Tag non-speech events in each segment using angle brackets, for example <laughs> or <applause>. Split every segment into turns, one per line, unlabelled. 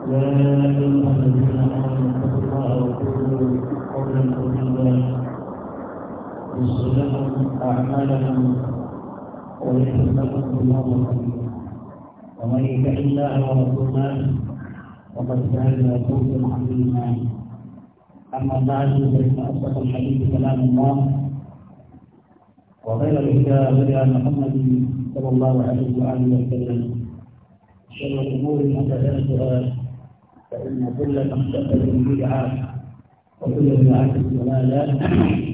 يا أيها الذين آمنوا اتقوا الله وقولوا قولا قريبا يصلح لكم أعمالكم ويغفر لكم ذنوبكم ومن يطع الله ورسوله فقد فاز فوزا عظيما أما بعد فإن أصدق الحديث كلام الله وغير الهدى هدى محمد صلى الله عليه وآله وسلم شر الأمور محدثاتها فإن كل محدثة بدعة وكل بدعة ضلالة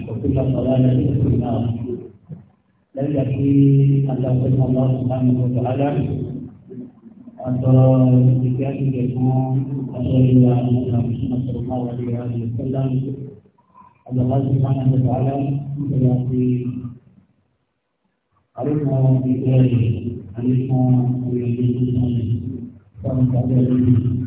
وكل ضلالة في النار لن يكفي أن يقول الله سبحانه وتعالى أترى بكاتب يكون أشهد إلى أن محمد صلى الله عليه وآله وسلم أن الله سبحانه وتعالى في علمنا بذلك علمنا بذلك فمن تعلم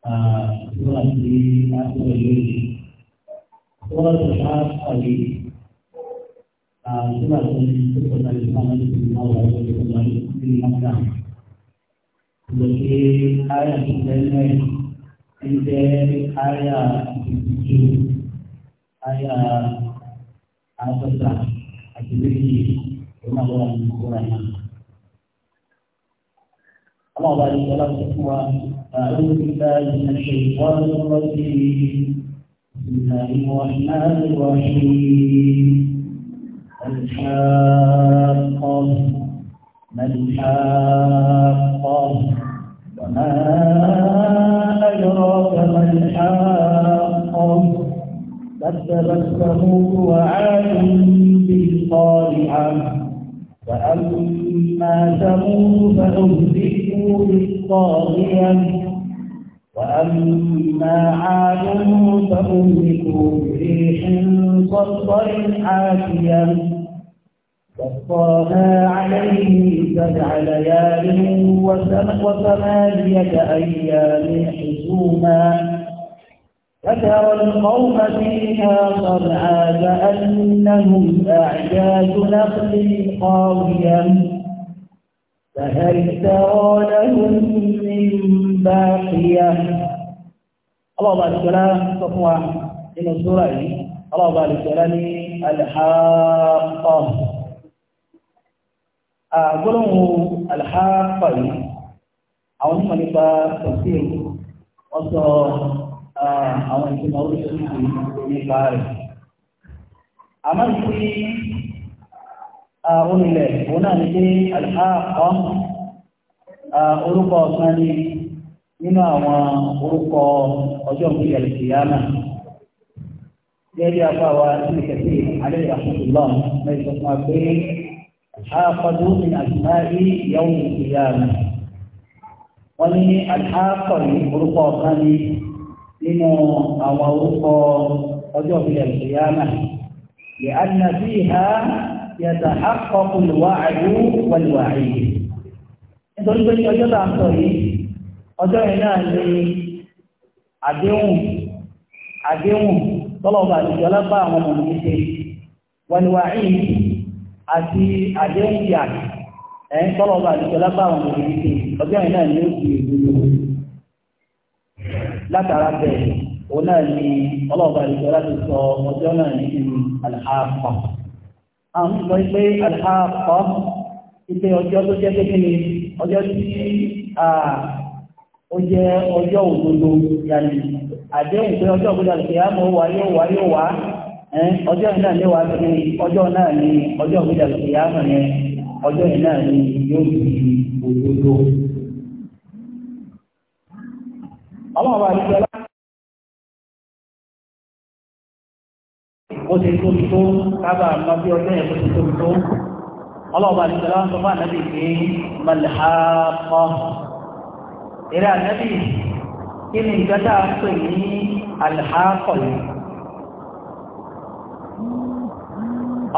Tuhan di aku berdiri. Tuhan berharap kali Tuhan itu kembali sama di dunia lalu kembali di mana. Jadi saya sebenarnya ini saya itu saya apa sah aktiviti rumah orang kurang. Allah bagi dalam semua أعوذ بالله من الشيطان الرجيم بسم الله الرحمن الرحيم الحق ما الحق وما أدراك ما الحق كذبت ثمود وعاد بالقارعة وأما ثمود فأهلكوا بالطاغية وأما
عاد فأهلكوا بريح صرصر حاكيا وصاها عليه سبع ليال وثمانية أيام حسوما فترى القوم فيها صرعا كأنهم أعجاز نخل قاويا فهل ترى لهم من sáàkìyà ọlọ́ọ̀bà àdìsọ́lá sọ fún wa nínú sóra yìí ọlọ́ọ̀bà àdìsọ́lá ní alhaqa àgbọ́lọ́hùn alhaqa yìí àwọn onímọ̀ nípa tọ̀sí wọ́n sọ àwọn ìgbìmọ̀ oríṣiríṣi nípa rẹ̀ àmọ́ ìsí onílẹ̀ òun náà nínú àwọn orúkọ ọjọ́ ìgbéyà ìkìyàmà gẹ́gẹ́ afọ àwa sílẹ̀ kẹsì alẹ́ àkùnfùlọ́ lẹ́yìn tó fún wa pé àkọ́dù ní àtìmáyé ìyàwó ìkìyàmà wọ́n ní àkọ́ ní orúkọ ọ̀kan ní nínú àwọn orúkọ ọjọ́ ìgbéyà ìkìyàmà lè ànàbí ha yàtà àkọ́kùn wàhálù wàlúwàhálù nítorí pé ní ọjọ́ tá a sọ yìí ọjọ́ yẹn náà ni àdéhùn àdéhùn tọ́lọ̀bà àtijọ́ lápá àwọn ọmọ mi ṣe wàlúwà ìyí àti àdéhùn yà ẹ̀ tọ́lọ̀bà àtijọ́ lápá àwọn ọmọ mi ṣe ọjọ́ yẹn náà ni ó fi ìlú látara bẹ́ẹ̀ òun náà ni ọlọ́ọ̀bà àtijọ́ láti sọ ọjọ́ náà ní ìlú àlàáfà àwọn sọ pé àlàáfà ìpè ọjọ́ tó jẹ́ kékeré ọjọ́ tí ó jẹ́ ọjọ́ òdodo yàní àdéhùn pé ọjọ́ òdodo àti ìyàmọ̀ wà yóò wá yóò wá ọjọ́ yìí náà lé wa sí ọjọ́ náà ní ọjọ́ òdodo àti ìyàmọ̀ yẹn ọjọ́ yìí náà ní yóò di
òdodo. ọlọ́run bá rí ọlá ó ti tóbi tó kábà mọ bí ọjọ́ yẹn ti tóbi tó ọlọ́run bá rí ọlá sọ fún ànábì pé
màlẹ́hàá ìrẹ́ ànábì kí ni ìgbẹ́ta pè ní alhaakọ̀ yìí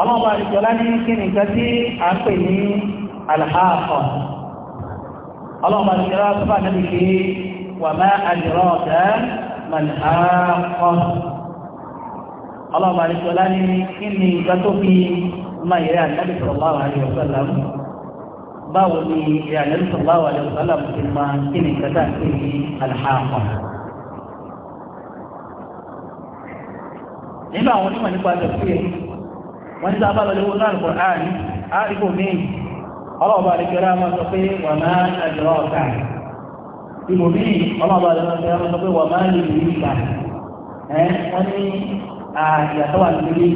ọlọ́ọ̀bá àríkọlá ní kí ni ìgbẹ́ tí a pè ní alhaakọ̀ ọlọ́ọ̀bá àríkọlá tó ní kí ni ìgbẹ́ tó fi máa ìrẹ́ ànábì sọ̀rọ̀ báwo ni ilé
àlẹ́lú sọ̀láwà lè sọ́lá mo ti máa kí ni kẹta sí ní àlùfáàkọ̀. nínú àwọn onímọ̀ nípa tẹ̀síwẹ̀
wọ́n ní sábà lọ léwu náà kọ̀ọ̀rọ̀ àárín àríkò míì ọlọ́ọ̀bá àdìgbẹ́rẹ́ a máa sọ pé wà máa ń àjọrọ̀ ọ̀tá ìbò míì ọlọ́ọ̀bá àdìgbẹ́rẹ́ a máa sọ pé wà máa ń lè rí ìgbà ẹ̀ wọ́n ní àyàtọ̀ wà nílé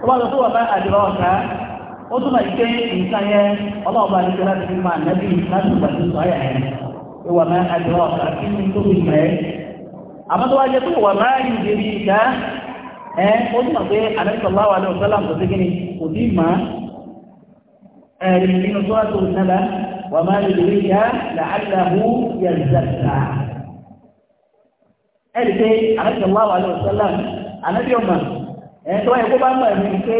tó bá lọ sí wà máa àjọrọ̀ ọ̀tá ó túnmọ̀ ìké nǹkan yẹn ọlọ́ọ̀bá ní kẹlá ti fi máa nẹ́bí láti ìgbà tó sọ́yà yẹn ìwà máa àjọ ọ̀sà kí ní tó fi mẹ́ àmọ́ tó wá jẹ́ pé ìwà máa yìí dé bí ìdá ẹ ó túnmọ̀ pé àdẹ́sọ̀lá wà lọ́wọ́ sọ́lá kò sí kò sí mà á ẹ̀rì nínú tó wá tó nàlá wà máa yìí dé bí ìdá làálàhù yẹ̀zẹ̀ta ẹ̀rì pé àdẹ́sọ̀lá wà lọ́wọ́ sọ́lá ànábì ọmọ ẹ̀ tó wáyé kó bá mọ̀ ẹ̀mí pé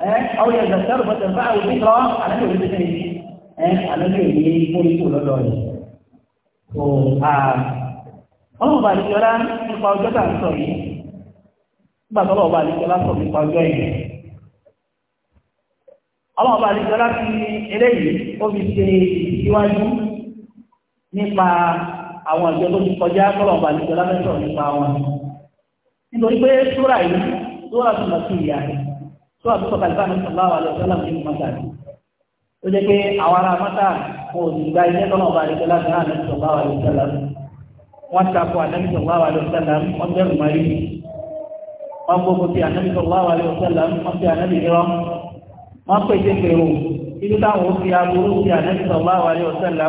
أو يذكر فتنفعه الذكرى على أنه يريد على
أنه يريد يقول
ọlọ́run bá àdìjọ lá nípa ọjọ́ tàà ń sọ yìí nígbà tó ọlọ́run bá àdìjọ lá sọ nípa ọjọ́ àwọn tó ti kọjá nípa wọn nítorí pé yìí tó àbúkọ kàlífàmù sọláwà àlọ́sọ́lá ní mọ́tà ó jẹ́ pé àwọn ará mọ́tà kò ní gba iṣẹ́ tọ́nà ọba àlọ́sọ́lá ní àlọ́sọ́lá sọláwà àlọ́sọ́lá wọ́n takò àlọ́sọ́lá sọláwà àlọ́sọ́lá wọ́n bẹ̀rù mari wọ́n gbogbo ti àlọ́sọ́lá sọláwà àlọ́sọ́lá wọ́n fi àlọ́sọ́lá wọ́n pèsè pèrò ibi táwọn ó fi aburú ti àlọ́sọ́lá sọláwà àlọ́sọ́lá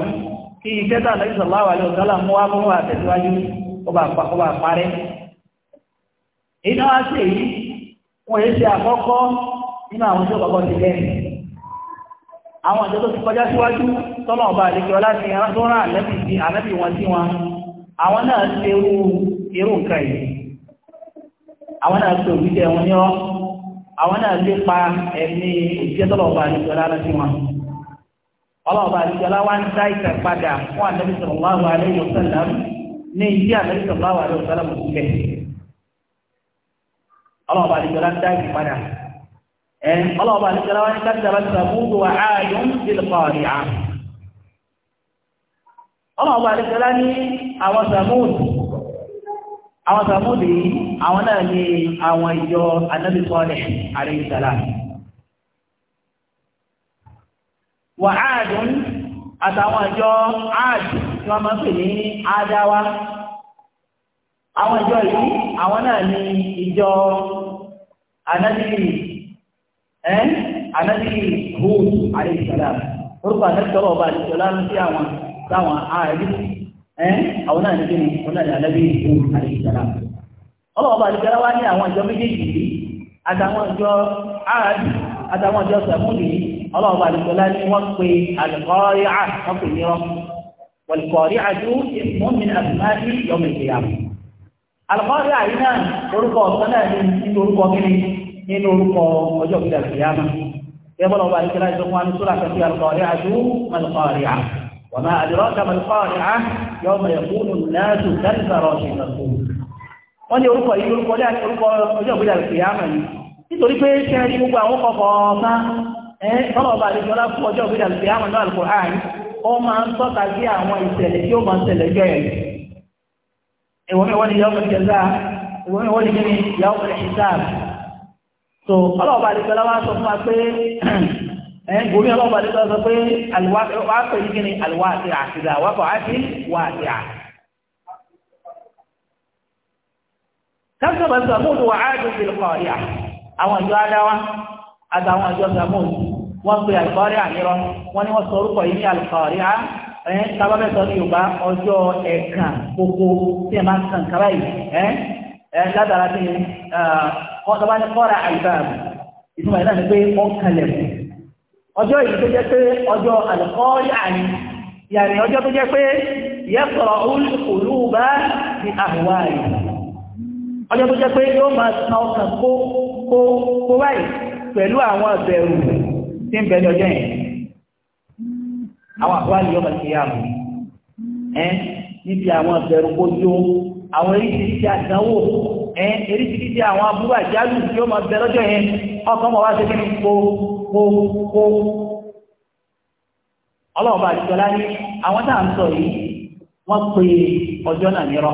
kí iṣẹ́ tá àlẹ́sọ̀ láwà lè ọ̀dọ́là mú wá mú àtẹ̀síwájú ọba àparẹ́. iná èyí wọ́n èé ṣe àkọ́kọ́ nínú àwọn tí ó kọ́kọ́ ti lẹ́yìn àwọn ìjọ tó ti kọjá síwájú tọ́lọ̀ ọba àdékẹ́ ọlá ti tó rán àlẹ́bì sí àlẹ́bì wọn sí wọn àwọn náà ṣe irú irú nǹkan yìí àwọn náà ṣe òwúṣẹ́ wọn ní ọ́ àwọn náà ṣe pa ẹ̀mí ìṣẹ́ tọ́lọ̀ ọba àdékẹ́ ọlá sí wọn ọlọ́ọ̀bá àdékẹ́ ọlá wá ń dá ìtàn ọlọ́ọ̀bà àdìjọlá dá ìdí padà ẹn ọlọ́ọ̀bà àdìjọlá wá ní kájàbá sàbúrò ààyùn ìlkọ̀ọ̀rì à ọlọ́ọ̀bà àdìjọlá ní àwọn sàmúùdì àwọn sàmúùdì àwọn náà ní àwọn ìjọ anábì sọ́ọ̀lẹ̀ wà áàdùn àtàwọn ìjọ áàdù tí wọ́n máa ń pè ní ádáwá àwọn ìjọ yìí àwọn náà ní ìjọ anabi ẹ anabi Hud alayhi salam orúkọ anabi sọ̀rọ̀ ọba àti ìjọba ń fi àwọn sáwọn ààrí ẹ àwọn náà ní kí ni
wọn náà ní anabi Hud alayhi salam
ọlọ́ọ̀bà àti ìjọba wá ní àwọn ìjọ méjèèjì yìí àtàwọn ìjọ ààrí àtàwọn ìjọ sẹ̀múlì ọlọ́ọ̀bà àti ìjọba ní wọ́n pe àlùkọ́rí à wọ́n pè ní wọn wọ̀lùkọ́rí àdúró ìmúmi àbùmáàdì yọmọ ìgbéyàwó alùpàdé àyínà orúkọ ọ̀sán náà ní nínú orúkọ kíni nínú orúkọ ọjọ́ ìgbà ìyáma ẹgbọ́n ọba àti kíláàsì wọn ní sólà kẹfì alùpàdé àjú malùpàdé à wọn máa àdìrọ́ta malùpàdé à yọ ọmọ ẹ̀kúnnù náà tún dáríkàrọ̀ ṣe ìgbàkú wọn ní orúkọ yìí orúkọ ní àti orúkọ ọjọ́ ìgbà ìyáma ni nítorí pé sẹ́ẹ̀rí gbogbo àwọn kọ̀ọ̀kọ̀ ọ̀sán ẹ̀ bọ́lá ọba àti kíláàsì ọjọ́ ìgbà ìyáma náà alùpàdé ó máa ń tọ́ka sí àwọn ìṣẹ̀lẹ̀ tí ó máa ń ṣẹlẹ̀ jọ ìwọ́n ni yawm al-jazaa ìwọ́n ni gẹ́ni yawm al-hisaab so ọlọ́ọ̀bà àdìgbẹ́lá wá sọ fún wa pé ẹ̀yìn gòmí ọlọ́ọ̀bà àdìgbẹ́lá sọ pé wàápẹ̀ yìí gẹ́ni alwáàtì àtìdá wàápẹ̀ àti wàápẹ̀ à kápẹ́bà sàmúdù wà áàdùn sí lọ́kọ̀ọ́yà àwọn ìjọ adáwá àtàwọn ìjọ sàmúdù wọ́n pe alkọ́rí àyírọ́ wọ́n ni wọ́n sọ orúkọ yìí ní alkọ́rí ẹ sábàbẹ̀ sọ ní yorùbá ọjọ́ ẹ̀kan gbogbo tí ẹ máa ń kàn kára yìí ẹ ẹ ládàra bí ọ̀dọ́bá ní kọ́ra àlùbáàbù ìtumọ̀ ìlànà pé ó kalẹ̀ mọ́ ọjọ́ yìí tó jẹ́ pé ọjọ́ àlùkọ́ọ́lì àní yàrá ọjọ́ tó jẹ́ pé yẹ́sọ̀rọ̀ olùbá ní àhùwá rẹ̀ ọjọ́ tó jẹ́ pé yóò máa san ọkàn kó kó kó báyìí pẹ̀lú àwọn ọ̀bẹ̀rù tí ń bẹ̀rẹ̀ ọjọ́ yẹn àwọn àbúrálì yọmọ ti yá mi ẹ níbi àwọn ìbẹ̀rù kojú àwọn eríṣiríṣi àdánwò ẹ eríṣiríṣi àwọn aburú àjálù tí ó máa bẹ lọ́jọ́ yẹn ọkàn mọ̀ wá sí kíni kó kó kó ọlọ́ọ̀bá àdìsọ́lá ní àwọn tá à ń sọ yìí wọ́n pe ọjọ́ náà nírọ́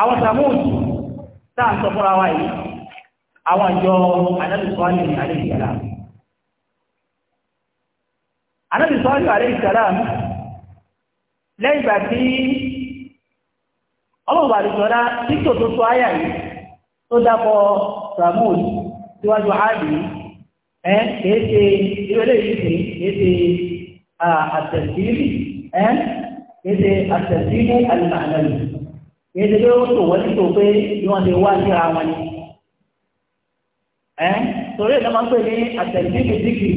àwọn samud tá à ń sọ fúnra wa yìí àwọn àjọ adájọ́ sọ́ọ́lì ní àdéhìí anábì sọ́ọ́lù àrẹ ìsàlám lẹ́yìn ìgbà tí ọlọ́ọ̀bà àdìsọ́lá tí kò tó tó áyà yìí tó dápọ̀ ramon síwájú áàdì ẹ́ kìí ṣe ìrẹ́lẹ̀ yìí kìí ṣe àtẹ̀sílì ẹ́ kìí ṣe àtẹ̀sílì alìmọ̀lẹ́lì kìí ṣe pé ó tò wọ́n títò ti wá síra wọn ni ẹ́ torí ẹ̀ lọ́mọ́ pé ní àtẹ̀sílì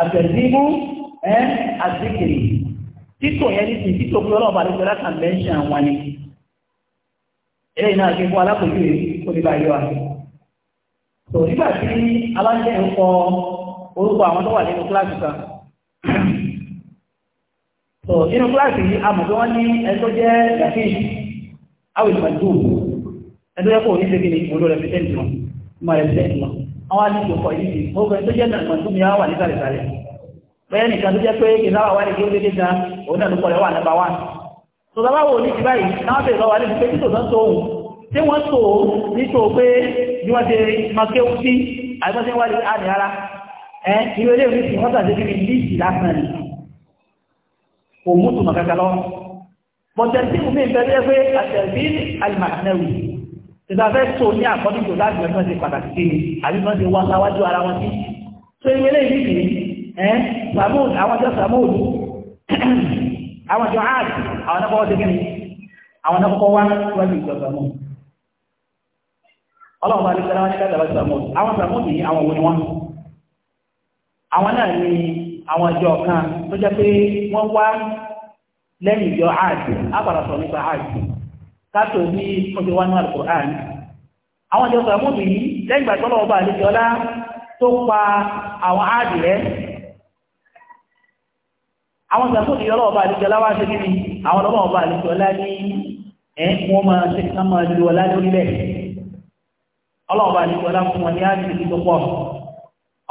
àtẹ̀síbú ẹ́ àzíkìrì títò yẹn ní ti títò pé ọlọ́ọ̀bà ló fẹ́ láti àmẹ́ṣẹ́ àwọn ni eléyìí náà kí fún alákòókò yìí kó ní bá yọ wa tò nígbà tí aláṣẹ ń kọ orúkọ àwọn tó wà nínú kíláàsì kan tò nínú kíláàsì yìí amọ̀ pé wọ́n ní ẹjọ́ jẹ́ gàfíì awìsàn dùn ẹjọ́ jẹ́ kó ní ṣe kí ni olóòrẹ̀ fi tẹ́ǹtì wọn àwọn àlejò kọ̀ yìí gbogbo tó jẹ́ nàìjíríà tó mi á wà ní sàrẹ̀sàrẹ̀ bẹ́ẹ̀ nìkan tó jẹ́ pé ìdáwà wà ní kéwéé gíga òun náà ló kọ̀ rẹ̀ wà nàbà wà tó bá wò ní ti báyìí táwọn bèèrè lọ́wọ́ àlejò pé títò náà tó òun tí wọ́n tó ní tó pé bí wọ́n ti máa kéwú sí àgbọ́sí wá ní àmì ara ẹ́ ìwé ilé ìrísí wọ́n tàbí kí ní bẹ̀rẹ̀ pé ìgbàfẹ́ tó ní àkọ́dìtò láti ẹ̀fẹ́ ti pàtàkì sí ni àbí wọ́n ti wá sáwájú ara wọn sí tó ìwé lè ní ìdí ẹ́ samoud àwọn jọ samoud àwọn jọ hajj àwọn nakọ́kọ́ ti gẹ́ni àwọn nakọ́kọ́ wá wájú ìjọ samoud ọlọ́run bá ní sẹ́lá wọn ní kẹ́lẹ́ lọ́sí samoud àwọn samoud ní àwọn òun wọn àwọn náà ní àwọn ìjọ kan tó jẹ́ pé wọ́n wá lẹ́yìn ìjọ hajj á kátó ní ọjọ́ wánú alukur'an àwọn ìjọ sọ̀rọ̀ mọ́tò yìí lẹ́yìn ìgbà tọ́lọ́ ọba àlejò ọlá tó pa àwọn áàdì rẹ̀ àwọn ìgbà tó ìyọ́lọ́ ọba àlejò ọlá wá sí kí ni àwọn ọlọ́wọ́ ọba àlejò ọlá ní ẹ̀ wọ́n máa ṣe kí wọ́n máa lu ọlá lórílẹ̀ ọlọ́ọ̀bá àlejò ọlá fún wọn ní áàdì tó pọ̀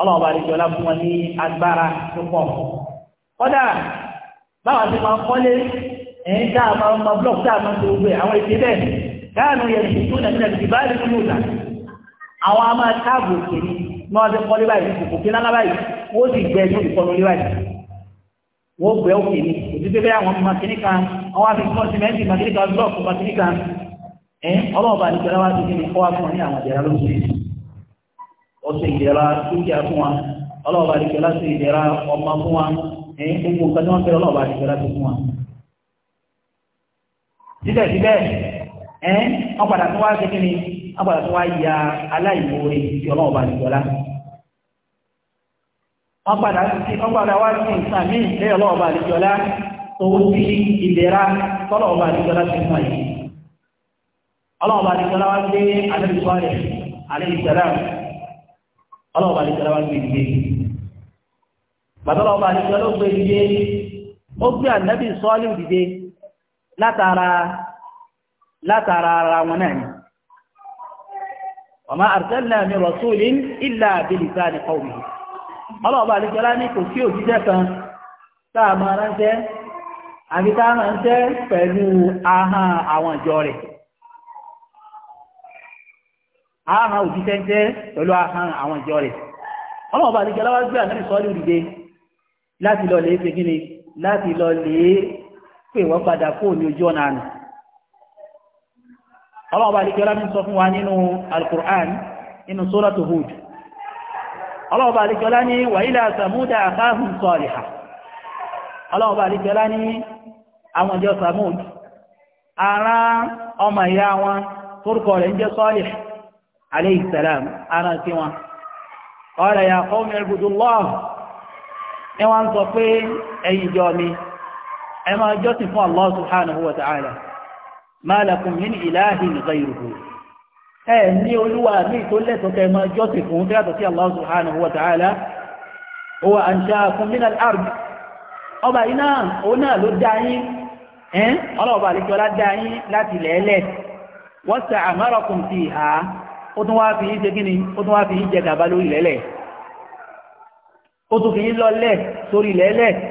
ọlọ́ọ̀bá àlejò ọlá fún wọn ní agbára tó pọ̀ kódà báwa ti máa kọ́lé ẹ̀yìn tá a máa ma blọọkù tá a máa ebe gbé àwọn ètè bẹ́ẹ̀ káàánú yẹn ti tó nàìjíríà ti bá rí nínú àwọn a máa káàbò kiri ní wọn ti kọ́ lé kòkò kí lálá báyìí wọ́n sì gbẹ ní ìkọlù lé wọ́n gbẹ òkè ní òtí pé bẹ́ẹ̀ ni ọmọ fún wa gbogbo nǹkan tí wọ́n fẹ́ síbẹ̀síbẹ̀ ẹ́ wọ́n padà tó wá ṣe kí ni wọ́n padà tó wá ya ti ọlọ́run bá nìjọ́lá wọ́n padà sí wọ́n padà wá sí nǹkan míì lẹ́yìn bá nìjọ́lá tó ti ìlera bá nìjọ́lá ti yìí bá nìjọ́lá wá gbé bá nìjọ́lá wá gbé látara látara ara wọn náà ni ọmọ àrùsẹ́lẹ̀ mi rọ̀súlì ìlà àbílìsá ní kọ̀wé ọlọ́ọ̀bá àdìjọlá ní kò sí òjíṣẹ́ kan táà máa ránṣẹ́ àbí táà ránṣẹ́ pẹ̀lú ahọ́n àwọn ìjọ rẹ̀ ahọ́n òjíṣẹ́ ń wá gbé àná láti lọ láti lọ lè pé wọ́n padà kó ní ojú ọ̀nà àná ọlọ́ọ̀bá àdíkẹ́ sọ fún wa nínú al nínú suratu Hud ọlọ́ọ̀bá àdíkẹ́ ní wa ila Samuda akhahum Saliha ọlọ́ọ̀bá àdíkẹ́ ní àwọn ìjọ Samud ara wọn ẹ máa jọ́sìn fún Allah subhanahu wa ta'ala ma lakum min ilahin ghayruhu ẹ ní olúwa mi tó lẹ́tọ̀ọ́ kẹ́ máa jọ́sìn fún tó yàtọ̀ sí Allah subhanahu wa ta'ala huwa ansha'akum min al-ard ọba iná òun náà ló dá yín ẹ́n ó tún wá fi yín ṣe kí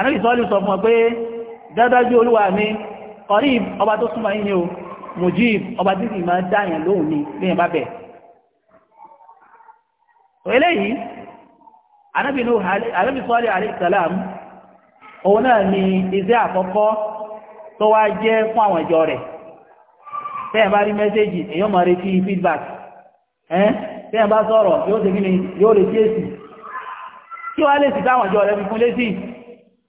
anábì sọ́ọ́lù sọ fún ọ pé dádájú olúwa mi qarib ọba tó súnmọ́ yín ni o mujib ọba tí kì í máa dáyàn lóhùn ni léyìn bá bẹ̀. eléyìí anábì sọ́ọ́lù alayhi salam òun náà ni iṣẹ́ àkọ́kọ́ tó wá jẹ́ fún àwọn ìjọ rẹ̀ tẹ́yìn bá rí mẹ́sẹ́jì èyàn máa retí feedback ẹ́n tẹ́yìn bá sọ̀rọ̀ yóò ṣe kí ni yóò retí èsì kí wá lè sì táwọn ìjọ rẹ̀ fi fún lésì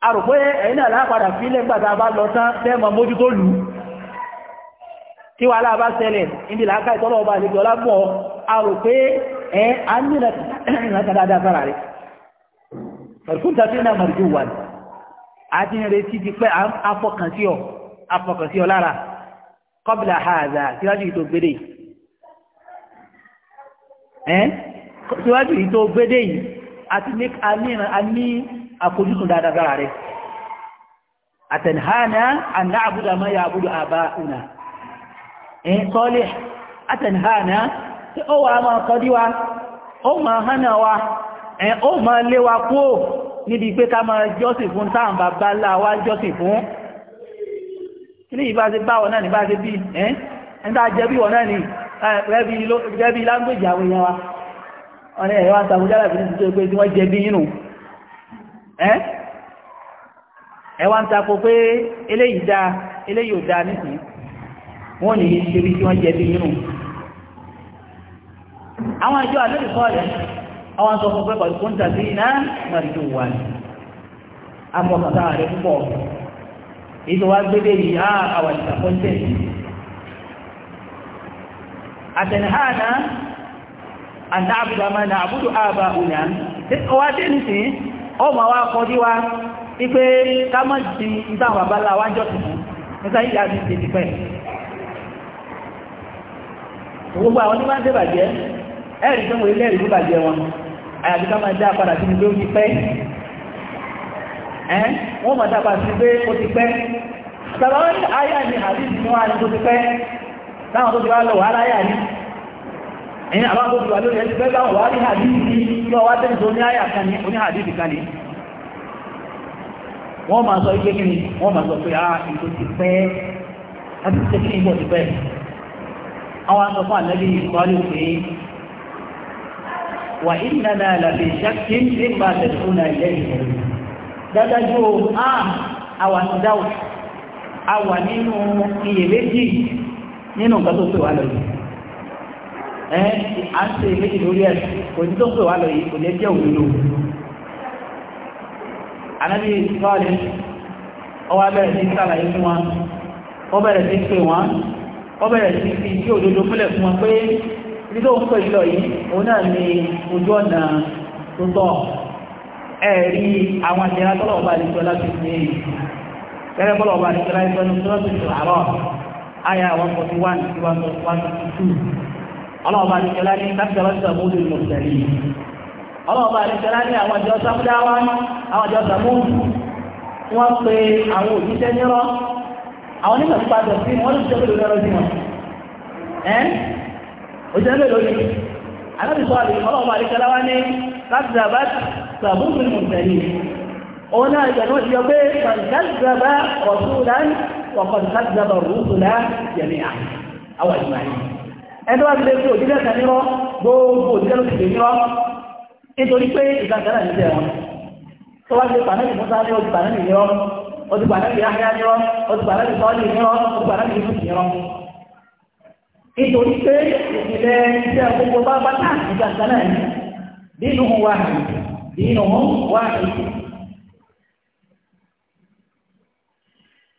àrùpé ẹ̀yìn náà lápadà fi ilẹ̀ gbàtà bá lọ tán tẹ́mọ̀ mójú tó lù tí wà láàbá sẹlẹ̀ níbi làákà ìtọ́lọ̀ ọba àlejò ọlápọ̀ àrùpé ẹ̀ àmìnà dáadáa sára rẹ̀ ẹ̀kúnta tí náà mọ̀rìjú wà ní àti ìrètí ti pẹ́ afọkànsí ọ lára kọ́bìlà hàzà síwájú ìtò gbédè síwájú ìtò gbédè yìí àti ní àfojúsùn dáadáa sára rẹ̀ àtẹ̀nhánà àná àbúdà máa yà àbúdà àbá ìnà ẹ̀yìn sọ́lẹ̀ àtẹ̀nhánà tí ó wà máa kọdí wa ó máa hánà wa ẹ̀ ó máa lé wa kó níbi pé ká máa jọ́sìn fún táwọn bàbá ńlá wa jọ́sìn fún ilé ìbá ṣe bá wọn náà ní bá ṣe wa ọ̀rẹ́ ẹ̀yọ́ àtàwọn jálàbí ní ti tó ẹ́ ẹwà ń takò pé eléyìí da eléyìí ò na ihe wọ́n ní ṣebí tí wọ́n jẹ bí nínú àwọn ìjọ àlórí kọ́ọ̀lẹ̀ àwọn sọ fún pé pẹ̀lú tàbí iná mọ̀rìjò wà ní afọ̀kàtà rẹ̀ púpọ̀ ètò wa gbé déyìí á àwọn ìtàkọ́ńtẹ̀ ọmọ wa kọ wa wípé ká mọ́ ti àwọn àbálá wa jọ sí nígbà yìí àti ti ti pẹ́ gbogbo àwọn onímọ̀ ṣe bàjẹ́ ẹ̀rì tó wọ́n ìlú bàjẹ́ wọn àyàbí ká máa sí ibi ó ti pẹ́ ẹ́ wọ́n sí ó ti pẹ́ ni wọ́n á ní tó ti pẹ́ táwọn tó ti wá lọ ẹ̀yìn àbábọ̀ ìwà lórí ẹni pẹ́ báwọn wà ní hadithi lọ wá tẹ́ ìṣò ní àyà kan ní oní hadithi kan ní wọ́n máa sọ ike kíni wọ́n máa sọ pé a ah, ìlú ti pẹ́ láti ṣe kí ìbọ̀ ti pẹ́ àwọn aṣọ fún àlẹ́bí ìkọlù pé ah, wà ìnana làbẹ̀ ṣákí nípa tẹ̀sùn ilẹ̀ ìṣẹ̀lẹ̀ dájájú a àwà ní dáwọ̀ àwà nínú iyèméjì nínú nǹkan tó pè wá lọ́yìn ẹ à ń ṣe méjì lórí ẹ̀ kò ní tó pè wá lọ yìí kò ní sọ́ọ̀lì sí sàlàyé fún wa ó bẹ̀rẹ̀ sí pè wọ́n ó bẹ̀rẹ̀ sí fi tí múlẹ̀ fún wọn pé ní tó ń pè lọ yìí òun náà ni ojú ọ̀nà tó tọ́ ẹ̀rí àwọn àjẹ́ra tọ́lọ̀ ọba àdìsọ́ láti dị èyí bọ́lọ̀ ọba àdìsọ́ láti fi àárọ̀ àyà 141 sí 142 ọlọ́ọ̀bá àdìkẹ́lá ní kákẹ́rọ́ sàmúdù mùsàlì ọlọ́ọ̀bá àdìkẹ́lá ní àwọn ìjọ sàmúdáwá àwọn ìjọ sàmúdù wọ́n pe àwọn òjíṣẹ́ nírọ́ àwọn nígbà tó padà sí wọ́n lè ṣe lórí ọ̀rọ̀ sí wọn ẹ́ òjíṣẹ́ lè lórí anábìsọ ọlọ́ọ̀bá àdìkẹ́lá wá ní kákẹ́rọ́ sàmúdù mùsàlì òun náà ìgbà náà ti yọ pé kàdàbà ọ̀tún láń wọ̀kọ̀ kàdàbà rúùtù ẹni wá sílé pé òdílé ẹ̀sẹ̀ nírọ́ gbogbo òdílé ló ti lè nírọ́ nítorí pé ìgbàgbọ́n ní tẹ̀ wọn tó wá sí pàánẹ́lì musa ní ojú pàánẹ́lì nírọ́ ojú pàánẹ́lì yáyá nírọ́ ojú pàánẹ́lì sọ́ọ́lì nírọ́ ojú pàánẹ́lì ìlú nírọ́ nítorí pé ìpìlẹ̀ iṣẹ́ gbogbo bá bá náà ìgbàgbọ́n náà nínú wáhì nínú wáhì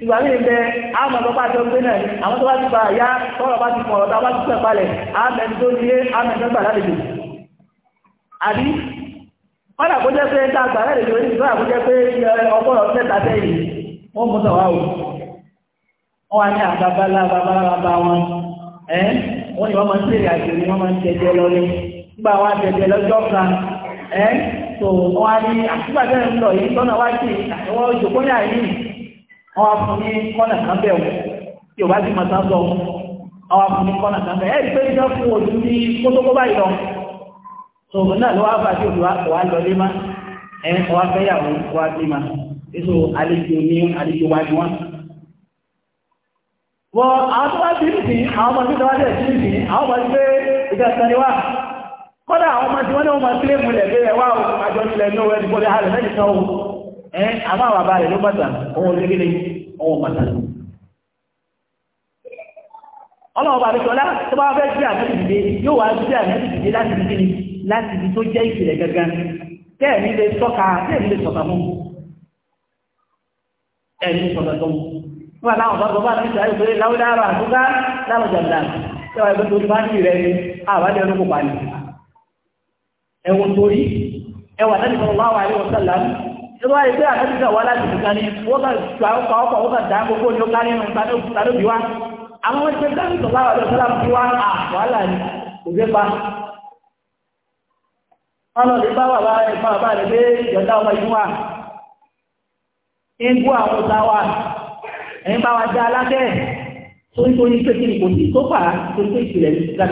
ìgbà mí bẹ àwọn ọmọ bá jọ gbé náà ni àwọn tó bá ti gba àyá tọrọ bá ti fọrọ tá a bá ti sẹ̀ palẹ̀ àmẹ́ni tó nílé àmẹ́ni tó gbà lálejò àbí kọ́dà kó jẹ́ pé tá a gbà lálejò ní ìgbà kó jẹ́ pé ọgọ́rọ̀ mẹ́ta sẹ́yìn wọ́n mú sọ̀wá o wọ́n wá ní àbábálá babalábá wọn ẹ́ wọ́n ní wọ́n máa ń tẹ̀lé àjò ni wọ́n máa ń tẹ̀jẹ́ lọ́lé nígbà wọn àtẹ̀jẹ́ lọ́jọ́ kan ẹ́ tó wọ́n á ní àwọn afun ní kọ́nà kan bẹ̀ wọ́n tí o bá ti mọ̀tá sọ àwọn afun ní kọ́nà kan bẹ̀ ẹ́ ti pé nígbà fún ojú ní kótókó báyìí lọ sọ̀rọ̀ náà ló wá bá tí òjò wà lọlé má ẹ̀ ọwá fẹ́yàwó wá bí ma èso àlejò ní àlejò wá ní wọn. wọ àwọn tó bá ti ń sìn àwọn ọmọ sí àwọn ọmọ àwọn ọmọ tí wọ́n wọ́n máa sílé ẹ àmọ́ àwọn bàbá rẹ̀ ló bàtà òun lè gẹ́lẹ́ ọwọ́ bàtà ọlọ́ọ̀bà àríkọlá tó bá fẹ́ sí àmì ìdìde yóò wá sí àmì ìdìde láti ibi kíni láti ibi tó jẹ́ ìpìlẹ̀ gangan tẹ́ẹ̀mí lè sọ́ka tẹ́ẹ̀mí lè sọ̀kà mú ẹ̀mí sọ̀kà tó mú wọn láwọn bá bọ́ bá ní ìṣàlẹ̀ pé láwọn ará àtúgbà láwọn jàǹdà tẹ́wàá ẹgbẹ́ tó bá ní rẹ̀ ni àwádẹ́ ọdún kò pa ní ẹ̀wọ̀n torí ẹwà náà irú ayé pé àtẹ́bí náà wá láti nìkan ni wọ́n kà ju àwọn ọkọ̀ wọ́n kà dá gbogbo ní ó nínú tàbí wá àwọn ọmọ ìṣẹ́ dáhùn sọ̀rọ̀ àwọn ọ̀dọ́ bí wá wàhálà ni kò fẹ́ pa. wọ́n lọ lè bá bàbá rẹ̀ bá bàbá rẹ̀ pé ìjọba ọmọ inú wa ń gbó àwọn ọ̀tá wa ẹ̀ ń bá wa já alákẹ́ torí tó ní pé kí ni kò sí tó fà á torí pé ìṣẹ̀lẹ̀ ní ìṣẹ̀lẹ̀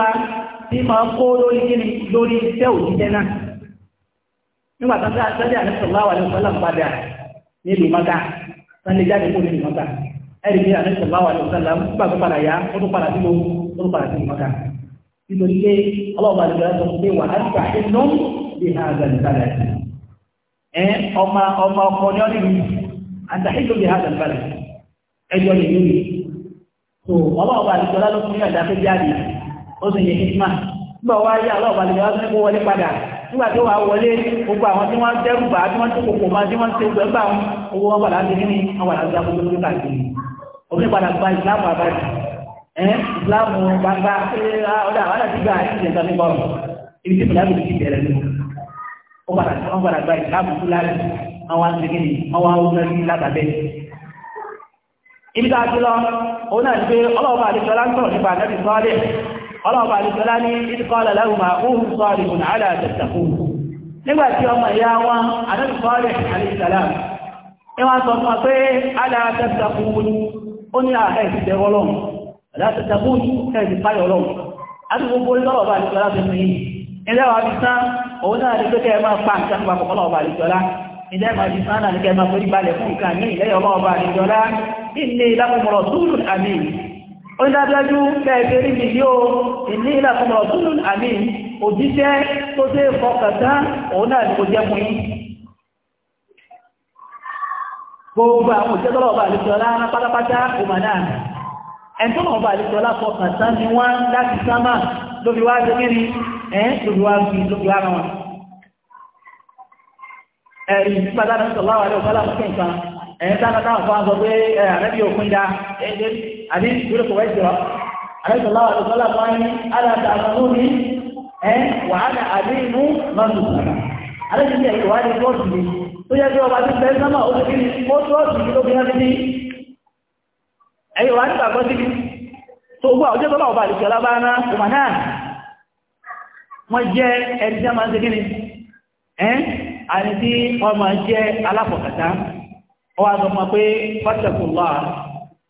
sọ̀rọ̀ tí máa kó lórí kíni lórí iṣẹ́ òjíṣẹ́ náà nígbà tó ń sá sọ́jà ní sọ̀láwà ní sọ́lá padà ní ìlú mọ́ta sọ́lé jáde kó ní ìlú mọ́ta ẹ̀rì bí àní sọ̀láwà ní sọ́lá nígbà tó padà yá ó tó padà sílò ó tó padà sí ìlú mọ́ta nínú ilé ọlọ́ọ̀bà ní ìlú pé wà á gbà inú bí i hàn àgbàlẹ̀ ẹ ọmọ ọmọ ọkọ ní ọ́nì mi ẹjọ́ nìyí mi so ọlọ́ọ̀bà ní sọ́lá ló fún ní àdáfẹ́ jáde ó sì yẹ hikima nígbà wá yá aláwọ̀balẹ̀ wá sí wọlé padà nígbà wà wọlé gbogbo àwọn tí wọ́n dẹ́rù tí wọ́n tó kòkò máa tí wọ́n tó gbẹ́gbà owó wọn padà sí nínú àwọn ah, ibi ti lọ a ọlọ́ọ̀bà àlejọ́lá ní ìdíkọ́lá lẹ́hùn àkóhùn sọ́ọ̀lì ìhùn àlẹ́ àtẹ̀tẹ̀kù nígbà tí ọmọ ìyá wọn àdẹ́sọ́ọ̀lì àlejọ́lá ẹ wá sọ fún wa pé àlẹ́ àtẹ̀tẹ̀kù ó ní àhẹ́sìtẹ̀ ọlọ́run àtẹ̀tẹ̀kù ẹ̀sì páyọ̀ ọlọ́run àti gbogbo lọ́ọ̀bà àlejọ́lá tó ní ilẹ̀ wa fi sán òun náà ní pé kẹ́ ẹ máa pa nǹkan pa pọ̀pọ̀ lọ́ọ̀bà àlejọ́lá ilẹ̀ máa ń dájájú kẹ́ẹ̀kẹ́ níbi yóò ilé ìlàkùnmọ̀ ọ̀tún àmì òjíṣẹ́ tó dé fọkàtà òun náà ni kò jẹ́ fún yín gbogbo àwọn òṣìṣẹ́ tọ́lọ̀ ọba àlùsọ̀lá pátápátá òmàdá ẹni tọ́lọ̀ ọba àlùsọ̀lá fọkàtà ni wọ́n láti sámà lóbi wá ṣe kíni ẹ́ lóbi wá fi lóbi wá rán wọn ẹ̀rí pátá ní sọ̀lá wà ní ọ̀fọ́lá fún nǹkan ẹ̀yìn táwọn táwọn fọ́n sọ pé àrẹ́bí òkúnda ẹ̀ẹ́dẹ́rì àbí ìdúró kò wáyé jọ àlẹ́sọ̀lá àlọ́sọ́lá bá ní aláta àmọ́nú mi ẹ wàhálà àbí inú mọ́tò sàrà alẹ́sọ̀lá ìwádìí bọ́ọ̀sì mi tó yẹ kí ọba tó fẹ́ sọ́mà ó ti fi mọ́tò ọ̀sì mi ló fi rántí ní ẹ̀yìn wà nípa àkọ́ síbi tó gbọ́ ọjọ́ tọ́lá ọwọ́ àtọ́mọ pé fásitì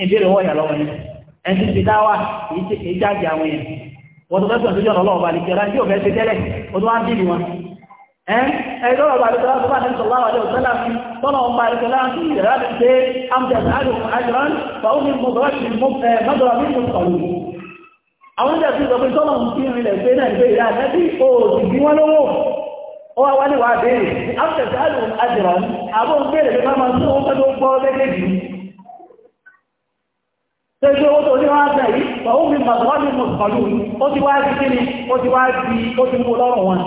ìbéèrè wọ́n yà lọ́wọ́ ni ẹni tí ti dáwà èyí jáde àwọn èèyàn wọ́n tó fẹ́sùn lójú ọ̀nà ọlọ́ọ̀bà nìkẹ́ láti yóò fẹ́ ṣe tẹ́lẹ̀ ó tó wá ń bìrì wọn ẹni tó lọ́wọ́ àdúgbò láti bá ní sọ̀rọ̀ àwọn ọ̀dọ́ sẹ́lá fi tọ́nà ọmọ àdúgbò láti ìrẹ́lá ti ṣe àmì àdúgbò àjọrán pàwọ́ ní mo bọ́ọ̀ sí mọ́tòrà mí ní pàlú àwọn ìjẹ́ ń fi rìnlẹ̀ pé náà ń béèrè pé má máa ń tẹ́jú owó tó ní wọ́n bẹ̀ yìí tọ́wọ́ mi màgbọ́n ní mùsùlùmí ó ti wá di kíni ó ti wá di ó ti mú lọ́rùn wọn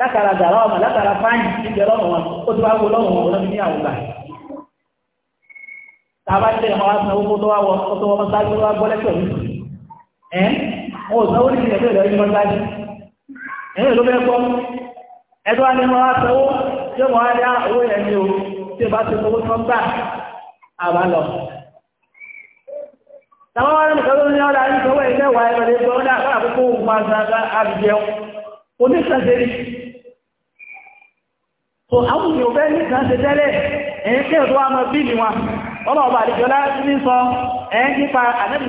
látara gàrá ọmọ látara fáyìn ìjẹ lọ́rùn wọn ó ti wá mú lọ́rùn wọn lọ́bí ó tó ní ìṣẹ̀lẹ̀ ah, o tí tàwọn wá lẹ́nu kọ́lọ́ ní ọ̀dà yìí tọwọ́ ilé wa ẹ̀rọ lè gbọ́ ní àkọ́ àkókò máa sára tó àwọn ènìyàn fẹ́ níkàṣẹ́ tẹ́lẹ̀ ẹ̀yìn kí ọ̀tọ́ àmọ́ bí ni wọn ọba àdìjọlá ní sọ ẹ̀yìn nípa ànẹ́bì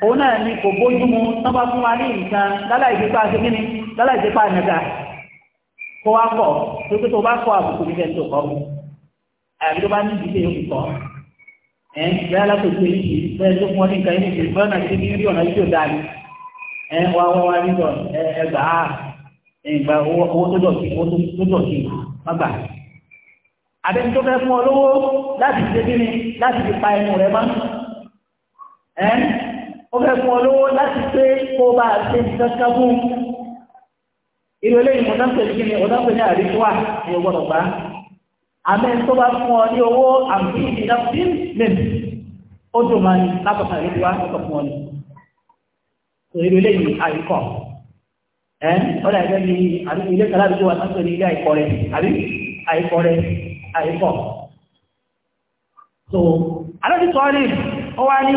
òun náà ni kò bójú mu tán bá fún wa ní nǹkan láláì ṣe ṣe kíni láláì ṣe pa nàgà kó wá kọ̀ tó pé tó bá kọ àbùkù níbi ẹni kọ́ mu àbí tó bá ní ìdílé yóò fi kọ́ ẹ̀ bẹ́ẹ̀ alákòóso yìí kì í bẹ́ẹ̀ tó fún ọ ní nǹkan yìí kì í bẹ́ẹ̀ náà ṣe ní rí ọ̀nà yìí tó dáa ni ẹ̀ wá wá wá ní dọ̀ ẹ gbà á ìgbà owó tó dọ̀
owó tó dọ̀ má gbà
àbẹ́ni tó fẹ́ fún ọ lówó láti ṣe kíni láti fi pa ẹnu rẹ mọ́ ẹ̀ ọbẹ̀ fún ọlọ́wọ́ láti pé kó bá ṣe kankan fún irú eléyìí mo náà àríwá ni o gbọ́dọ̀ gbá àmì tó bá fún ọ ní owó àmì ìdíná fíìm mẹ́m ó dùn máa ní lápapọ̀ àríwá ọkọ̀ fún ọ ní irú eléyìí àríkọ̀ ẹ́ ọ̀dà ẹgbẹ́ ni àríwá ilé kan so alẹ́ ti sọ ọ́ wá ní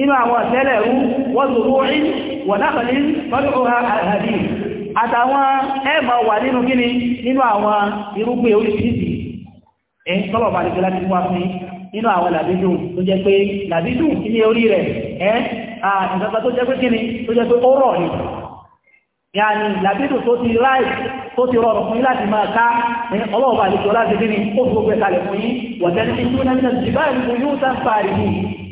inú àwọn tẹ́lẹ̀ rú wọ́n tó rúrí wọ̀n lápẹ̀lú mọ́lúkọ́ àhàdì àtàwọn ẹ̀mọ̀ wà nínú gíní nínú àwọn irúgbìn oríṣìíṣìí ẹ̀ tọ́lọ̀ bá nìkẹ́ láti wá fún nínú àwọn làbídùn tó jẹ́ pé làbídùn kí ní orí rẹ̀ ẹ́ àìsànkà tó jẹ́ pé kíni tó jẹ́ pé ó rọ̀ ni yàní làbídùn tó ti ráì tó ti rọrùn fún láti máa ká ọlọ́ọ̀bà àlejò láti kíni ó fi gbogbo fún yín wọ̀tẹ́ni tí ó náà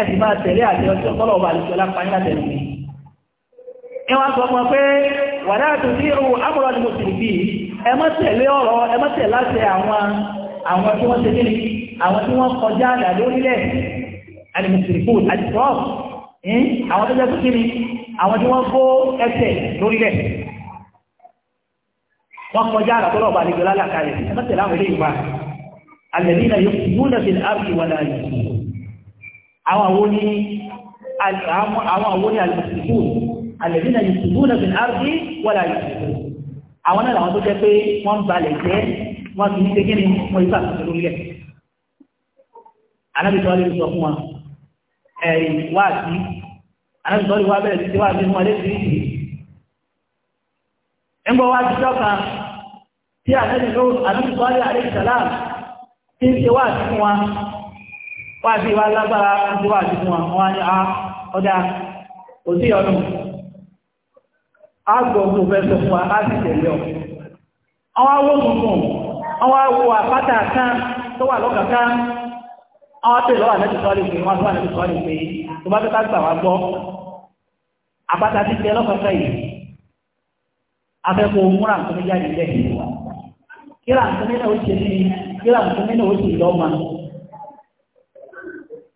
ẹ̀sì máa tẹ̀lé àti ọjọ́ tọ́lọ̀ ọba àti ọlá pàáyín láti ẹ̀mí ẹ wá sọ mọ́ pé wàdá tó ní ìrù amúrọ̀ ni mo sì bí ẹ má tẹ̀lé ọ̀rọ̀ ẹ má tẹ̀lé láti àwọn tí wọ́n ṣe àwọn tí wọ́n kọjá àdà lórílẹ̀ àdìmùsìnkú àdìsọ́ àwọn àwọn ní àwọn àwọn ní alìsìnkú alẹ́bínà ìsìnkú náà fi àrùkí wọ́la ìsìnkú àwọn náà àwọn tó jẹ́ pé wọ́n balẹ̀ jẹ́ wọ́n fi ní ṣe gíní wọ́n ìfà lórílẹ̀ anábìtọ́lì sọ fún wọn ẹ̀rì wáàtí anábìtọ́lì wá bẹ̀rẹ̀ sí wáàtí fún alẹ́ sí ìsìn ẹgbọ́ wá ti tọ́ka tí anábìtọ́lì alẹ́ ìsàlám ti ń ṣe wáàtí fún wa wá sí ìwà lágbára tí wà sí fún wọn wọ́n ní ah, ọdá kò sí ọdún àgbọ̀ tó fẹ́ sọ fún wa láti tẹ̀lé ọ àwọn awó tuntun àwọn awó àpáta kan tó wà lọ́kàká àwọn tẹ̀lé wà lẹ́tù sọ́ọ̀lì pé wọ́n tó wà lẹ́tù sọ́ọ̀lì pé tó bá fẹ́ ká gbà wá gbọ́ àpáta ti tẹ lọ́kàká yìí afẹ́kọ̀ múra nǹkan jáde lẹ́yìn kíra nǹkan mẹ́ta ó ṣe ní kíra nǹkan mẹ́ta ó ṣe lọ́mọ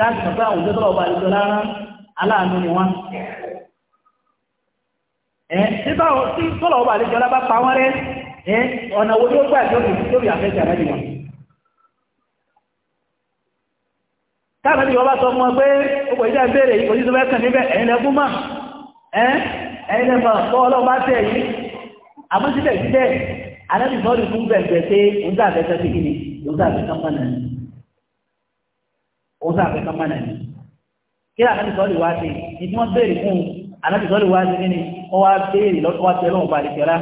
láti mọ̀ pé àwùjọ tọ́lọ̀ ọba àdìjọ lára aláàánú ni wọ́n. ẹ títà tí tọ́lọ̀ ọba àdìjọ lábá pa wọ́n rẹ́ ẹ ọ̀nà wo ló gbà tó lórí àfẹ́sẹ̀ àrẹ́jì wọn. káàmì ni wọ́n bá sọ fún wọn pé ọkọ̀ ìjà ń béèrè yìí oníṣẹ́ fẹ́ kàn níbẹ̀ ẹ̀yin lẹ́kún mọ̀ ẹ̀yin lẹ́kún mọ̀ ọlọ́run bá tẹ̀ yìí àmọ́ síbẹ̀ síbẹ̀ àrẹ́bì sọ́ọ̀dù fún bẹ̀rẹ̀ pé òun tà fẹ́ sẹ́sì kìíní òun tà fẹ́ sọ́ọ̀nà ni ó sáfẹ́ kán mọ̀nà ni kí ànábì sọ́ọ́lì wá sí ìdí wọ́n béèrè fún un ànábì sọ́ọ́lì wá sí nínú wọ́n wá béèrè lọ́tọ́ wá tẹ́lọ́ ọba àdìsẹ́lá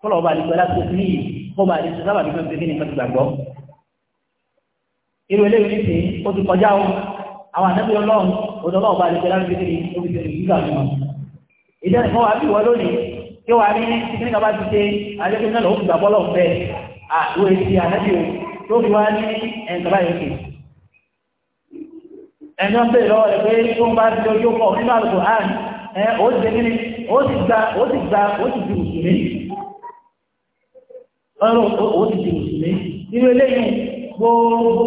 kọ́lọ̀ ọba àdìsẹ́lá tó ní yìí ọba àdìsẹ́ sábà bí fẹ́ẹ́ ní ìfẹ́ gbàgbọ́ irú eléyìí nísì ó ti kọjá o àwọn ànábì ọlọ́run ọdọ́lọ́ ọba àdìsẹ́lá ń fẹ́ẹ́ ní omi tẹ̀lé ìgbà wọn ìdí ẹ̀fọ́ wa bí wọ́n lónìí kí wàá ní kíní kaba ti ṣe àdéhùn náà lọ́wọ́ gbàgbọ́ lọ́wọ́ bẹ́ẹ̀ à ẹni wọ́n bèèrè lọ́wọ́ rẹ̀ pé tó ń bá ti lójú pọ̀ nínú àlùkò hàn ẹ ó ti ṣe kíni ó ti gba ó ti gba ó ti di mùsùlùmí ọ̀rọ̀ ó ti di mùsùlùmí nínú eléyìí gbogbo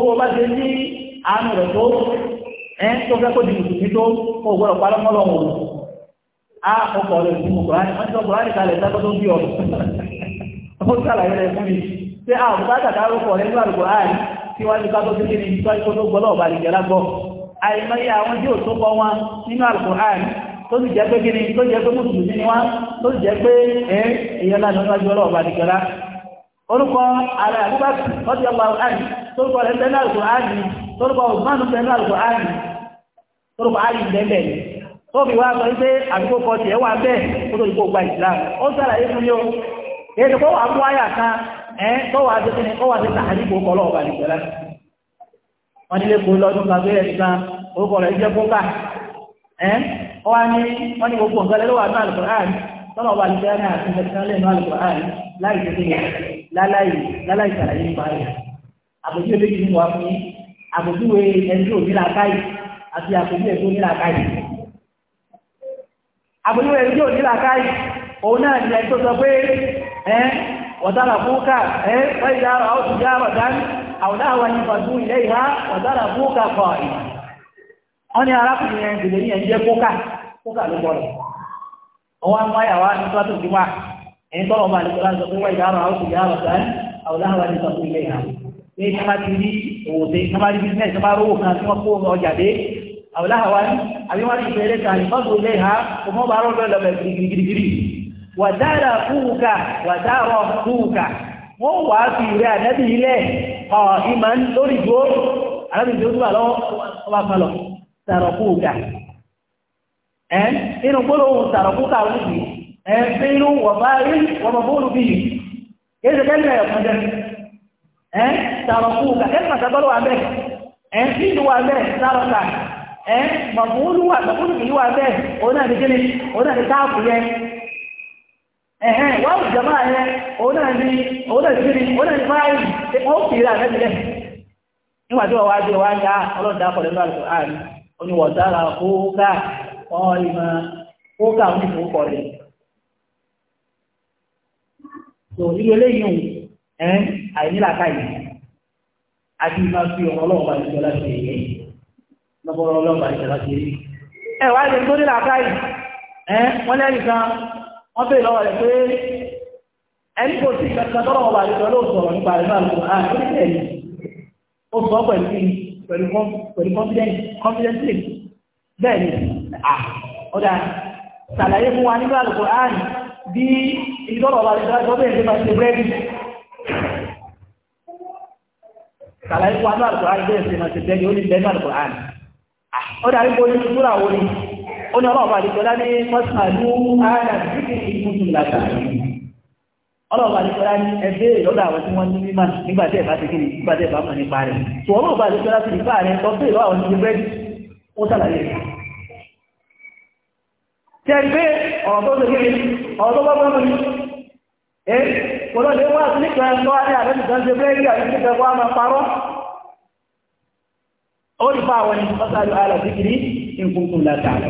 o gbọ́dọ̀ parọ́ mọ́lọ́ wọn a ọkọ̀ fún láti wọ́n ti láti kalẹ̀ sábà tó bí ọ̀rọ̀ <laughs> ó sàlàyé rẹ̀ fún mi rẹ̀ nínú àlùkò tí wọ́n ti ká tó tí wọ́n ti àìmọye àwọn a tó wọn nínú al tó sì jẹ́ pé kí tó jẹ́ pé mùsùlùmí ni wọ́n tó sì jẹ́ pé ẹ̀ èèyàn láti wọ́n wájú ọlọ́ọ̀bá nìkẹ́lá orúkọ ààrẹ àbúbákì ọdí ọgbà ààrẹ torúkọ rẹ̀ bẹ́ẹ̀ náà ààrẹ torúkọ òsùmánù bẹ́ẹ̀ ààrẹ ààrẹ ìgbẹ́lẹ̀ tó fi wá sọ àdúgbò kọ tiẹ̀ wọ́n nílé kó lọ́dún kan bẹ́ẹ̀ nìkan orúkọ rẹ̀ jẹ́ kóńkà ẹ́ wọ́n á ní wọ́n ní gbogbo nǹkan lẹ́lọ́wọ́ àdúrà lọ́kọ̀ áàrùn tọ́lọ̀ ọba àti jẹ́ náà àti ìfẹ̀sán lẹ́nu àlùkò áàrùn láì tètè yẹn láláì láláì sàlàyé nípa rẹ̀ àpèjúwe méjì ní wàá fún àpèjúwe ẹni tó nílà káyì àti àpèjúwe tó وتركوك فإذا رأوا تجارة أو لهوا انفضوا إليها وتركوك قائما wọ́n ní arákùnrin ẹni tèlé ní ẹni jẹ́ kókà kókà ló bọ́ọ̀lù ọwọ́ àwọn ayàwó ní tọ́tù ti wà ẹni tọ́lọ̀ bá nípa láti sọ pé ìdára àwọn òṣèlú àwọn ọ̀sán àwọn láwọn ní sọ̀tún ilé ìhà pé ní wọ́n ti rí òwò tẹ ní wọ́n rí bísínẹ̀sì wọ́n rówó kan tí wọ́n kó ọjà dé àwọn láwọn àbí wọ́n rí ìfẹ́ wàdára kúùkà wàdára kúùkà wọ́n wà á fi ìrẹ́ ànábì ilẹ̀ ọ̀ ìmọ̀ lórí ìdúró ànábì ìdúró tó wà lọ́wọ́ ọba kan lọ tààrọ̀ kúùkà ẹ̀ inú gbólóhùn tààrọ̀ kúùkà wọ́n sì ẹ̀ fínú wọ̀bá rí wọ́n bọ́ọ̀lù bí yìí kéde kẹ́lẹ́ ẹ̀kọ́ jẹ́ ẹ̀ tààrọ̀ kúùkà ẹ̀ pàtàkọ́lọ́ wà bẹ́ẹ̀ ẹ̀ fínú
ẹ̀hẹ́n wọ́n kiri rà
lẹ́bi lẹ́bi nígbà tí wọ́n ní ah, ọlọ́dà pọ̀ lẹ́nu àlùkò àárín oníwọ̀dára kóókà máa fi ọ̀rọ̀ ọlọ́ọ̀bà ìjọba èyí lọ́bọ̀rọ̀ ọlọ́ọ̀bà ìjọba
ṣe èyí.
ẹ̀ wá tó yìí wọ́n kan wọ́n bèèrè lọ́wọ́ rẹ̀ pé ẹni kò sí ìgbàgbà tọ́lọ̀ ọba àdìsọ ló sọ̀rọ̀ nípa rẹ̀ náà lọ́wọ́ àti ah, ní ẹ̀yìn ó sọ pẹ̀lú pẹ̀lú confidence bẹ́ẹ̀ ni ọ̀dà ah, ṣàlàyé fún wa nígbà lọ́wọ́ àrùn bí ìtọ́lọ̀ ọba àdìsọ ló bẹ̀rẹ̀ sí máa ṣe búrẹ́dì ṣàlàyé fún wa nígbà lọ́wọ́ àrùn bẹ́ẹ̀ sí máa ṣe búrẹ́dì ó ní bẹ́ẹ̀ náà lọ́wọ́ àrùn ọ̀dà rí ó ní ọlọ́ọ̀bá àdìsọ́lá ní mọ́sàlú ara ìdíkì ìkúntù làtà ọlọ́ọ̀bá àdìsọ́lá ní ẹgbẹ́ ìlọ́dọ̀ àwọn tí wọ́n ní mímọ̀ nígbà tẹ́ bá ti kí ni nígbà tẹ́ bá mọ̀ nípa rẹ̀ tó ọlọ́ọ̀bá àdìsọ́lá ti nípa rẹ̀ sọ pé ìlọ́ àwọn ti bẹ́ẹ̀ ó sàlàyé rẹ̀ tẹ́rí pé ọ̀rọ̀ tó ṣe kéré ọ̀rọ̀ tó bá bọ́mọ̀ ní rí fáwọn ẹni tó bá sáré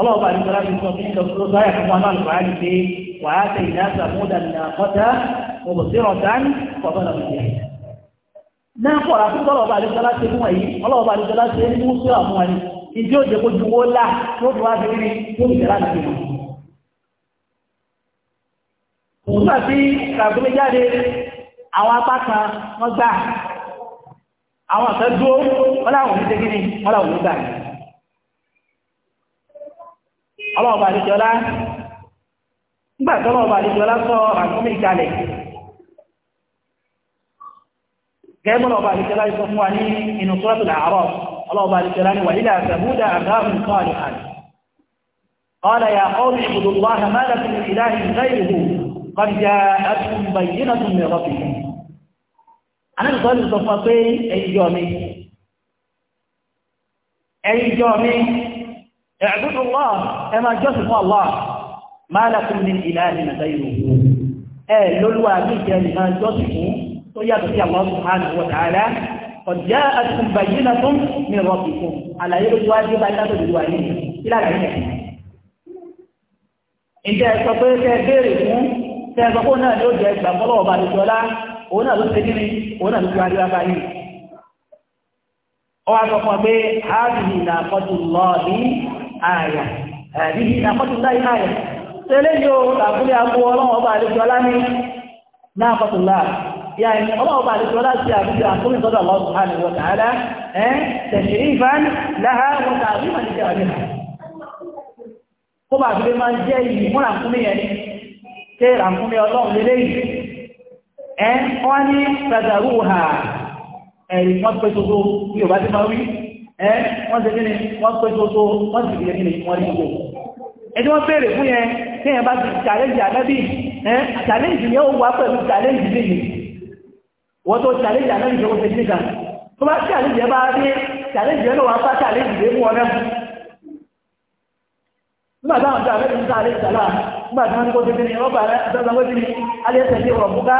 ọlọ́run bá nígbà láti sọ nínú ìlọsọ sáyà fún wa náà lùbá ní pé wà á tẹ ìlà sàmúdà nà kọta òbò sí ọ̀dán kọ̀ọ̀bọ̀ náà lùjẹ́. náà kọ̀ ra fún ọlọ́run bá nígbà láti fún wa yìí ọlọ́run bá nígbà láti ní mú sí àwọn ẹni ìdí òjò kó ju owó tó fi wá sí rí tó fi láti fi òun náà sí kàgbé jáde àwọn apá kan wọ́n gbà àwọn àfẹ́ dúró wọ́n láwọn ò ọlọ́ọ̀bà àdìjọ́lá nígbà tó ọlọ́ọ̀bà àdìjọ́lá sọ àkúmí ìkalẹ̀ gẹ́gbọ́n ọba àdìjọ́lá sọ fún wa ní inú suratul A'raf ọlọ́ọ̀bà àdìjọ́lá ní wàílà àtàbúdà àgbàmù kọ́ọ̀lì àdì قال يا قوم اعبدوا الله ما لكم من اله غيره قد جاءتكم بينة
اعبدوا الله
كما جسم الله ما لكم من إله غيره آه لولوا بك لما جسم ويأتي الله سبحانه وتعالى قد جاءتكم بينة من ربكم على يد الواجب أن تدعوا الوالدين إلى العلم إن تأتي تأبيركم تأتقون أن يرجع إسلام الله وبعد الصلاة هنا لسجن هنا لسجن أبائي وعلى قبل هذه ناقة الله àyà àbí nàkọ́tùlá àyà tẹ́lẹ̀ yóò làbúlé agbó ọlọ́wọ́ bá àlejò ọlá ní nàkọ́tùlá yà ní ọlọ́wọ́ bá àlejò ọlá sí àbújọ àkómi sọ́dọ̀ Allah subhanahu wa ta'ala ẹ́ tẹ̀sí ìfán láhá wọn ta àbí màlẹ́ jẹ́ àbíhà kó bá àbúlé máa ń jẹ́ ìyí fún àkómi yẹn ṣé àkómi ọlọ́run lélẹ́yìí ẹ́ wọ́n ní pẹ̀tàrú ha bí ò bá ti máa wí ẹ́ wọ́n ṣe gíní wọ́n pẹ́ tó tó wọ́n sì gíní gíní wọ́n rí ìgbò ẹni wọ́n bèèrè fún yẹn tí yẹn bá ti challenge ànábì ẹ́ challenge yẹn ó wà pẹ̀lú challenge nìyí wọ́n tó challenge ànábì tó ṣe nígbà tó bá challenge yẹn bá rí challenge yẹn ló wà bá challenge yẹn mú ọ̀nà nígbà táwọn tó àbẹ́bí ń sá àlẹ́ ìsàlá nígbà tí wọ́n ní kó ṣe gíní ọba rẹ̀ àtọ́sọ́gbó ti ní alẹ́ ẹ̀sẹ̀ ní ọ̀rọ̀ fúnká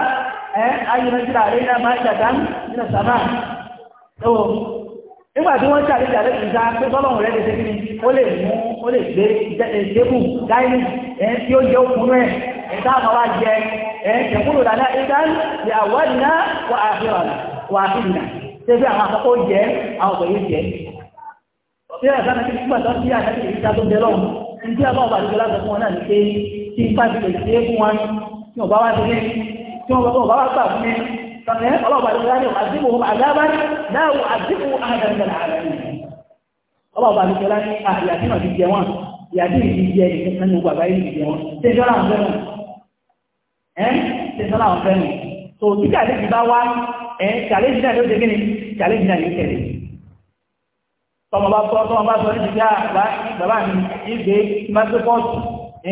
nígbà tí wọ́n ṣàlẹ́ ìjà lẹ́yìn ìjà pé tọ́lọ́run rẹ̀ lè ní ó lè mú ó lè gbé ìdébù dáínì ẹ̀ tí ó jẹ́ òkun rẹ̀ ẹ̀ta àwọn wa jẹ ẹ̀ ṣẹ̀kúrò dáná ìjà ní àwọ̀dìná wà áfíìrànà wà áfíìrànà ṣé bí àwọn akọ́kọ́ jẹ àwọn ọ̀pọ̀ yóò jẹ. bí ẹ̀ka náà ti túbọ̀ tó bí àtàkì ìjà tó bẹ lọ́wọ́ ní tí àwọn ọba àdúgbò láti fún wọn náà ọlọ́ọ̀bà ní ọlọ́ọ̀bà ní àdìbò àdábá náà àdìbò àdàbẹ̀rẹ̀
àdàbẹ̀
ọlọ́ọ̀bà ní ọlọ́ọ̀bà ní àyàtí náà ti jẹ wọn ìyàtí ìdí jẹ ìkẹsàn ní gbàgbà yìí jẹ wọn tẹjọ́ làwọn fẹ́ràn ẹ́ tẹjọ́ làwọn fẹ́ràn tó tí kàlejì bá wá ẹ́ kàlejì náà ló ṣe kí ni kàlejì náà ló tẹ̀lé tọmọ bá sọ tọmọ bá sọ ní ìdíjà bàbá mi ìgbé mọ́tòpọ́ọ̀tù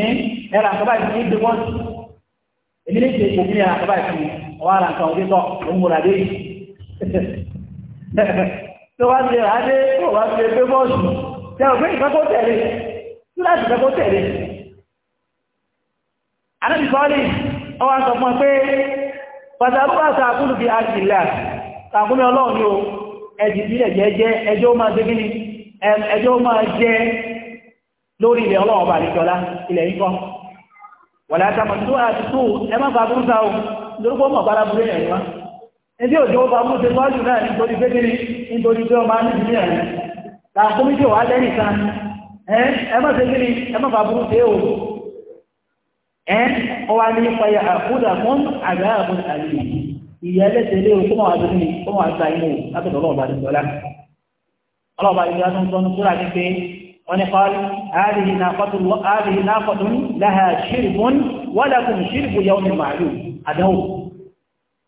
ẹ́ ẹ̀rà àkọ́bá ìgbé mọ́tòpọ́ọ̀tù èmi ní ìgbé ìgbé àkọ́bá ìgbé ọwọ́ ara nǹkan òbí tọ̀ ló ń múra dé yìí <laughs> tó wá ṣe adé tó wá ṣe pé bọ́ọ̀sì tẹ ọ̀gbẹ́ ìfẹ́kọ́ tẹ̀lé túláàsì ìfẹ́kọ́ tẹ̀lé anábì sọ́ọ́lì ọwọ́ sọ fún ọ pé pàtàkùnbàtà àkúlù bí àṣìlá tàkúnmí ọlọ́run yóò ẹjì sílẹ̀ jẹ́jẹ́ ẹjọ́ máa jẹ́ gíní ẹjọ́ máa jẹ́ lórí ilẹ̀ ọlọ́run bà nìkọ́lá ilẹ̀ ikọ́ wọ̀lá lórí pọ́ mọ̀ ya burú yẹn ni wá òjò mú ṣe náà nítorí nítorí ọba ní rẹ̀ làkúmí tí wà lẹ́yìn kan ẹ má ṣe kíni ẹ má ṣe o ẹ ọ ní ìpayà àkúdà fún àlè walakum shirbu ni ma'lum àdánwò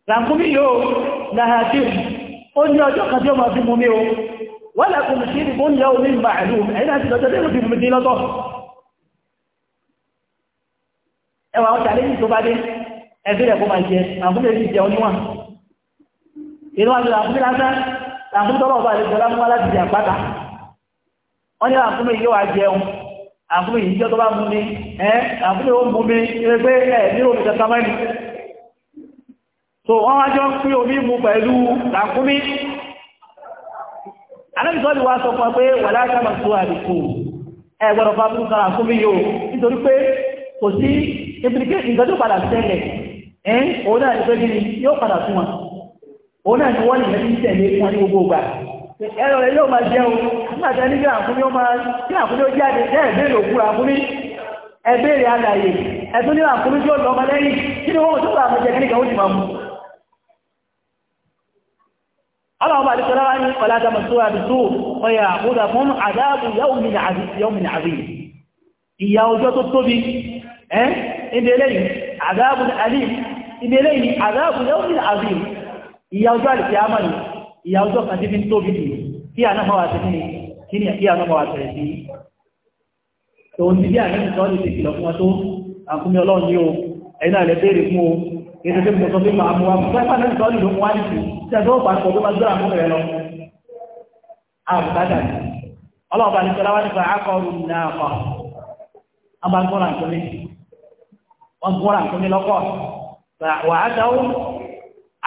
ràkúnmí yóò láha ṣírù ó ní ọjọ́ kan tí ó máa fi mú mi o walakum shirbu yawmin ma'lum ẹ̀yìn àti lọ́jọ́ tí ó fi mú mi lọ́tọ̀ ẹwà ọ̀tà lẹ́yìn tó bá dé ẹbí rẹ̀ kó máa jẹ ràkúnmí èyí jẹ oníwọ̀n inú wa ni ràkúnmí àbúrò yìí jọ́ tó bá mú ní ẹ́ àbúrò ó mú mi ẹgbẹ́ ẹ̀ ní omi tẹta mẹ́rin so wọ́n wá jọ pín omi mú pẹ̀lú làkúmí anábìsọ́lì wá sọ fún pé wà láàkàmà tó àdìkù ẹ gbọ́dọ̀ bá fún sára làkúmí yóò nítorí pé ẹ̀rọ rẹ̀ yóò máa jẹun nígbà tẹ́ nígbà àkúnmí ó máa tí àkúnmí ó jáde ẹ̀ béèrè òkú àkúnmí ẹ béèrè alàyè ẹ̀tún ní àkúnmí tí ó lọ ọmọ lẹ́yìn kí ni wọ́n tó bá àmọ́ jẹ kí ó ti máa mú. aláwọ̀ bá àdìsọ́lá wá ní ọ̀la àtàmọ̀ tó ìyà ọjọ́ kan tí fi ń tóbi dì kí àná máa wà sí kí ni kí ni kí àná máa wà tẹ̀lẹ̀ sí tòun ti bí àná ìsọ́ lè tètè lọ fún wọn tó àkúnmí ọlọ́run ní o ẹ̀yìn náà lè béèrè fún o ètò tó mọ̀ sọ pé máa mú wa mú pẹ́pẹ́ náà ìsọ́ lè ló mú wá nìkú tí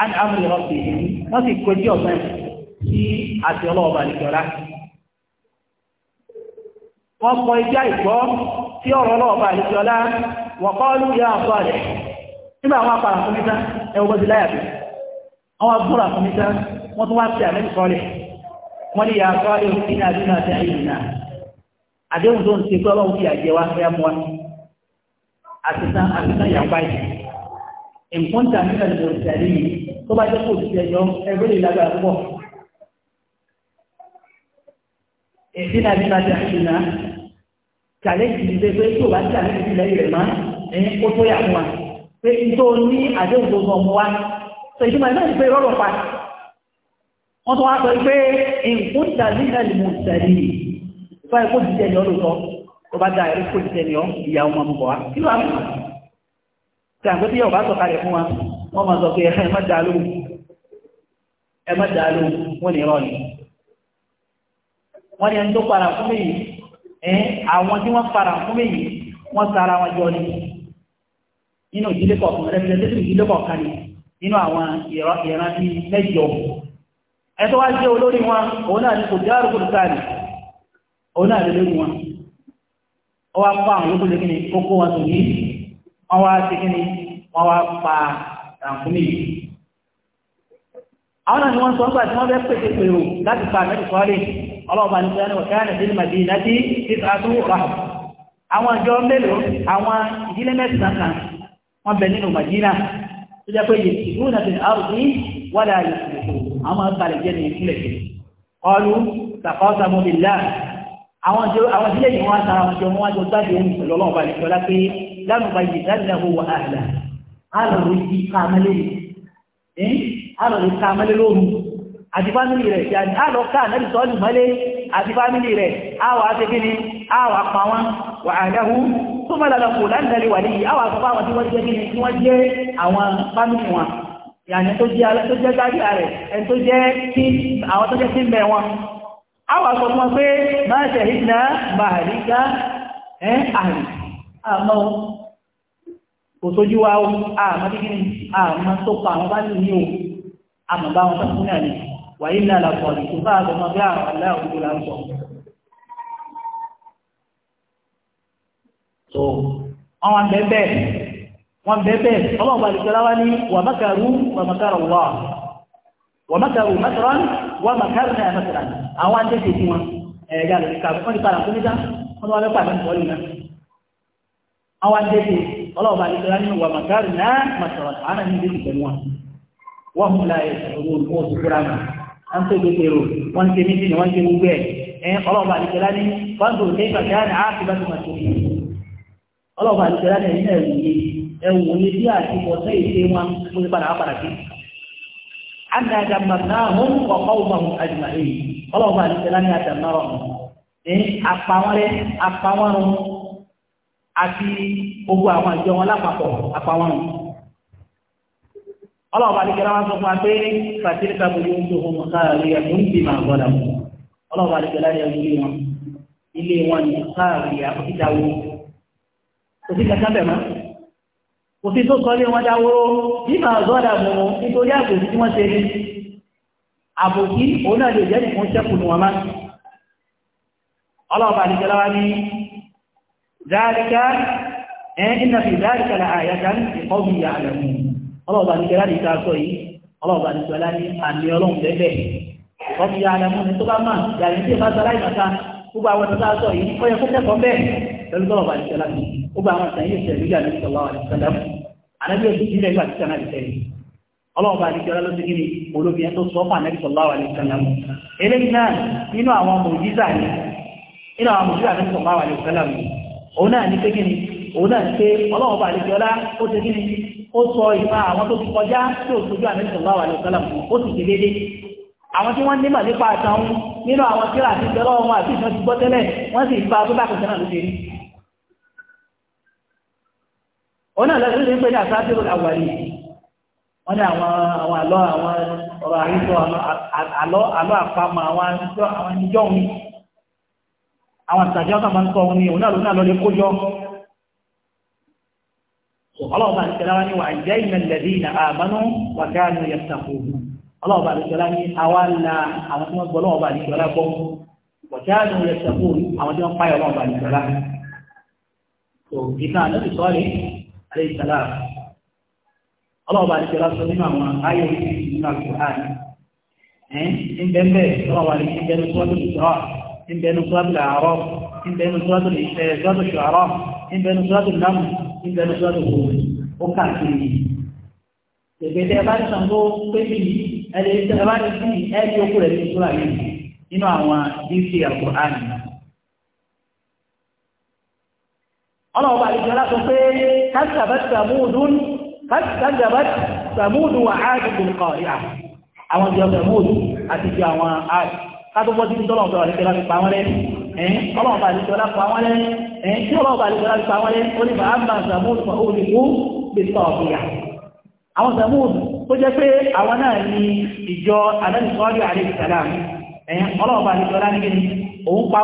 A àmì ọ̀sẹ̀ yìí wọ́n sì kojú ọ̀gbẹ́ sí àti ọlọ́ọ̀bà nìjọra wọ́n kọ ijá ìgbọ́ sí ọ̀rọ̀ ọlọ́ọ̀bà nìjọra wọ́n kọ́ ló yá rẹ̀ nígbà wọn apara fún mi tán ẹwọ́ bọ́sí láyà bí wọ́n tún wá sí àmì wọ́n ní yàtọ̀ ẹ̀kí ní nǹkan tàbí ẹ̀rọ ìṣẹ̀lẹ̀ yìí tó bá jẹ́ kó ti ẹ̀yọ ẹgbẹ́ lè lágbára púpọ̀. èdè náà nígbà tí a ṣe náà challenge ní pé tí o bá challenge ní lẹ́yìn rẹ̀ má ẹ̀yìn kó tó yà fún wa pé tó ní àdéhùn gbogbo ọmọ wa sọ ìdí màá ní pé rọ́rọ̀ pa wọ́n tún wá sọ pé nǹkan tàbí ẹ̀rọ ìṣẹ̀lẹ̀ yìí tó bá jẹ́ kó ti ẹ̀yọ lóòótọ́ tó bá dá ẹ̀rọ kó ti ẹ̀yọ ìyàwó mọ́mọ́ wa kí ló wà tàbí tí yóò bá sọ kalẹ̀ fún wa wọ́n máa sọ pé ẹ wọ́n wọ́n ẹni tó para fún mi yìí àwọn tí wọ́n para fún mi wọ́n sara wọn jọ ni ìdílé kọ̀ọ̀kan ìdílé kọ̀ọ̀kan ni nínú àwọn ìran mẹ́jọ ẹ wọn wọ́n wá sí kíni wọ́n wá pa ràǹkúmí yìí àwọn àni wọ́n sọ ń gbà tí wọ́n bẹ́ pèsè pèrò láti pa àmẹ́rì sọ́ọ́lẹ̀ ọlọ́ọ̀bà ní sọ́ọ́lẹ̀ wọ̀ káyà nàìjíríà màdì láti títà tó rà àwọn ìjọ mélòó àwọn ìdílé mẹ́sàn-án wọ́n bẹ nínú màdínà tó jẹ́ pé ìlú nàbẹ̀ àrùbí wà láàyè àwọn àgbàlẹ̀ jẹ́ ní ìpínlẹ̀ ọlú tàkọ́sà mọ́bìlá àwọn ìdílé yìí wọ́n sára wọn jọ wọ́n wájú gbájú lánàbàyìdánilẹ́wò wà áàlà àròrò ti kàmẹ́lẹ́ ẹ̀ àròrò kàmẹ́lẹ́ lóru àti fámìlì rẹ̀ àlọ́ ká ànábì sọ́ọ́lù mọ́lé àti fámìlì rẹ̀ àwọ̀ àtẹ́kíní àwọ̀ àpá wọn wà áàlẹ́hu tó mọ́ lọ́lọ́ kò lánàlẹ́ wà níyì àwọ̀ àpá wọn tí wọ́n jẹ́ kíní tí wọ́n jẹ́ àwọn fámìlì wọn yàní tó jẹ́ alẹ́ tó rẹ̀ àmọ́ kò sójú wa ó àmọ́ kíkí ni àmọ́ tó pa àwọn bá lù ní o àmọ́ bá wọn sọ́kún náà ni wàyí ní àlàpọ̀ ní tó bá àgbọ̀mọ́ bí àwọn aláàbò là ń so àwọn bẹ́ẹ̀ wọn bẹ́ẹ̀ ọlọ́ọ̀bà àlùkọ́lá wa ní wà makaru wà makaru wà wà makaru makaran wà makaru náà makaran àwọn àjẹsẹ̀ tí wọn ẹ̀ẹ́dà lórí kàbọ̀ wọ́n ti padà fún níta wọ́n ti wá lọ́pàá àwọn adéke ọlọ́ọ̀bá àdìsọ́lá nínú wà màkàrí náà màsọ̀rọ̀ àánà ní ìdíjì pẹ̀lú wọn wọ́n mú láyé ìṣòro wọn ti kúra mọ̀ wọ́n tó gbé pèrò wọ́n ti mí sínú wọ́n ti mú bẹ́ẹ̀ ẹ̀ ọlọ́ọ̀bá àdìsọ́lá ní wọ́n tó ṣe ìfàkẹ́hàn àáfíbá tó máa tóbi ọlọ́ọ̀bá àdìsọ́lá ní ẹ̀yìn ẹ̀wù yé ẹ̀wù yé bí àti pọ̀tẹ́ ìṣe wọn mo ti padà àti gbogbo àwọn ìjọ wọn lápapọ̀ àpàwọn ọlọ́ọ̀bá ní kẹlá wá sọ fún wa pé fàtírí kàbùrú ń tó ohun káàrí ẹ̀kú ń bì máa gbọ́dà mú ọlọ́ọ̀bá ní kẹlá yẹ wúlé wọn ilé wọn ní káàrí àkókídáwó kò sí kankan bẹ̀ mọ́ kò sí tó sọ lé wọn dáwóró bí máa gbọ́dà mú nítorí àbòsí tí wọ́n ṣe ní àbòsí òun náà lè jẹ́ nìkan ṣẹ́kù ní wọn má ọlọ́ọ̀bá ní kẹlá wá ní ذلك إن في ذلك لآية لقوم يعلمون الله بعد كلام يتعصي الله بعد كلام أن يرون بيبه قوم يعلمون تبا ما يعني في هذا لا يمكن تبا وتعصي ويا كل قوم به تقول الله بعد كلام تبا ما سيئ سيئ النبي صلى الله عليه وسلم أنا بيجي في ذلك كان يسير الله بعد كلام لو تجيني مولو بيان تصوف النبي صلى الله عليه وسلم إلينا إنه أمام معجزة إنه أمام معجزة النبي صلى الله عليه وسلم òun náà ní pé kí ni òun náà ní pé ọlọ́wọ́ bá lè fi ọlá ó ti kí ni ó sọ ìfà àwọn tó ti kọjá tí ò tójú àmì ìṣòwò àwọn àlùsọ́là mú ó sì ṣe déédéé àwọn tí wọ́n nímọ̀ nípa àtàwọn nínú àwọn tí ra àti ìjọlọ́ wọn àti ìṣàn ti gbọ́ tẹ́lẹ̀ wọ́n sì gba tó bá kẹsẹ̀ náà ló ṣe rí òun náà lọ́sí ní pé ní àṣáájú àwàrí wọ́n ní àwọn àlọ́ àwọn ọ̀rọ̀ àrísọ àlọ́ àpamọ́ àwọn ìjọ́ àwọn àtàjẹ́ ọ̀tà máa ń sọ ní òun náà lónà lọ́lẹ́ kójọ ọlọ́ọ̀bà ìṣẹ́láwá ní wà jẹ́ ìmẹ̀lẹ̀dí ìnà àbánú wà gáàlù yẹ̀sàkó ọlọ́ọ̀bà ìṣẹ́lá ní àwa la àwọn tí wọ́n gbọ́ ọlọ́ọ̀bà ìṣẹ́lá gbọ́ wọ̀gáàlù yẹ̀sàkó ọlọ́ọ̀bà ìṣẹ́lá sọ nínú àwọn ayé ìṣẹ́lá kùhán ẹ̀ ń bẹnu sọ́dọ̀ àárọ̀ ń bẹnu sọ́dọ̀ ìṣẹ́sọ́dọ̀ ṣọ̀rọ̀ ń bẹnu sọ́dọ̀ námù ń bẹnu sọ́dọ̀ òun ó káàkiri ìgbésẹ̀ bá ń sanwó pépì ẹni ìṣẹ́ bá ń sí ẹni okú rẹ̀ ní ìṣúra yìí nínú àwọn dc alquran ọlọ́wọ́ bá ìjọ láti pé kásìtàbẹ́tì sàmúdùn kásìtàbẹ́tì sàmúdùn wà áàdùn kọ̀ọ̀yà àwọn ìjọ sàmúdùn àti ìjọ àwọn áàdùn kátó bọ́ títí tọ́lọ̀ ọ̀tọ̀ àríkẹ́lá fi pa wọ́n lẹ́ ọlọ́ọ̀bà àríkẹ́lá pa wọ́n lẹ́ tí ọlọ́ọ̀bà àríkẹ́lá fi pa wọ́n lẹ́ ó ní bàá bá sàmúùsù fún òun ìkú bí sọ ọ̀fìyà àwọn sàmúùsù tó jẹ́ pé àwọn náà ní ìjọ adánìkọ́rí àríkẹ́lá ọlọ́ọ̀bà àríkẹ́lá ní kíni òun pa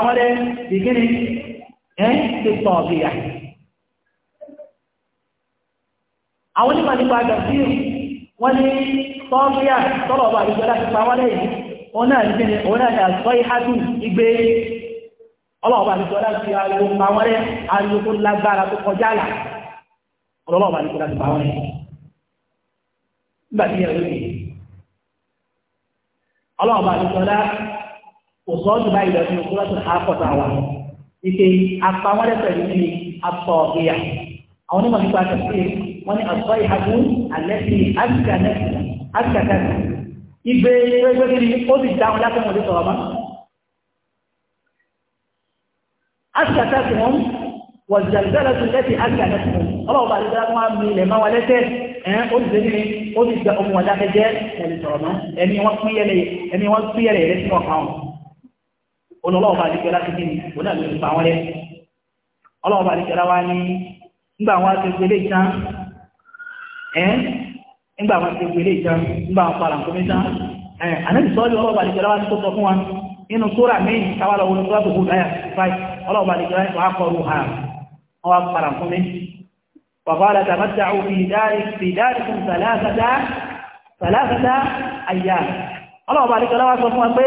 òun náà ní òun igbe ọlọ́ọ̀bà ní sọ́lá ti ariwo pàwọn ariwo tó lágbára tó kọjá là ọlọ́ọ̀bà ní sọ́lá ti pàwọn rẹ̀ nígbà tí ọlọ́ọ̀bà ní sọ́lá ìgbé ẹgbẹ́ kiri ó sì dáhùn láti wọn lè sọ̀rọ̀ mọ́. Aṣíkàtà tí wọ́n wọ̀ jàlùbẹ́lẹ̀ tún lẹ́tì aṣíkàtà tí wọ́n. Ọlọ́wọ́ bá dídára wọn mi ilẹ̀ máa wà lẹ́tẹ̀ ẹ̀ ó sì dénú ó sì gba ohun ọ̀dà ẹ̀jẹ̀ ẹ̀lẹ̀ sọ̀rọ̀ mọ́. Ẹni wọ́n pín yẹlẹ̀ ẹni wọ́n pín yẹlẹ̀ ẹ̀rẹ́ wọn kan. Olọ́wọ́ bá dídára láti kí ni òun náà ló fa wọn lẹ. Ọlọ́wọ́ bá dídára wa ní nígbà wọn ti gbélé ìtàn ẹ̀ nígbà wọn ti gbélé ìtàn nígbà wọn pa làǹkómi tán ànábì sọ́ọ́lù ọlọ́ọ̀bà ní ìjọba ní tó sọ fún wa nínú sóra míì káwá lọ́wọ́ ní sọ́ọ́lù tó kù láyà fáì ọlọ́ọ̀bà ní ìjọba ní wàá kọlu ha wọn wá pa làǹkómi wàhálà láti àbájá òfin ìdárí fi ìdárí fún sàlásàtà sàlásàtà àyà ọlọ́ọ̀bà ní ìjọba sọ fún wa pé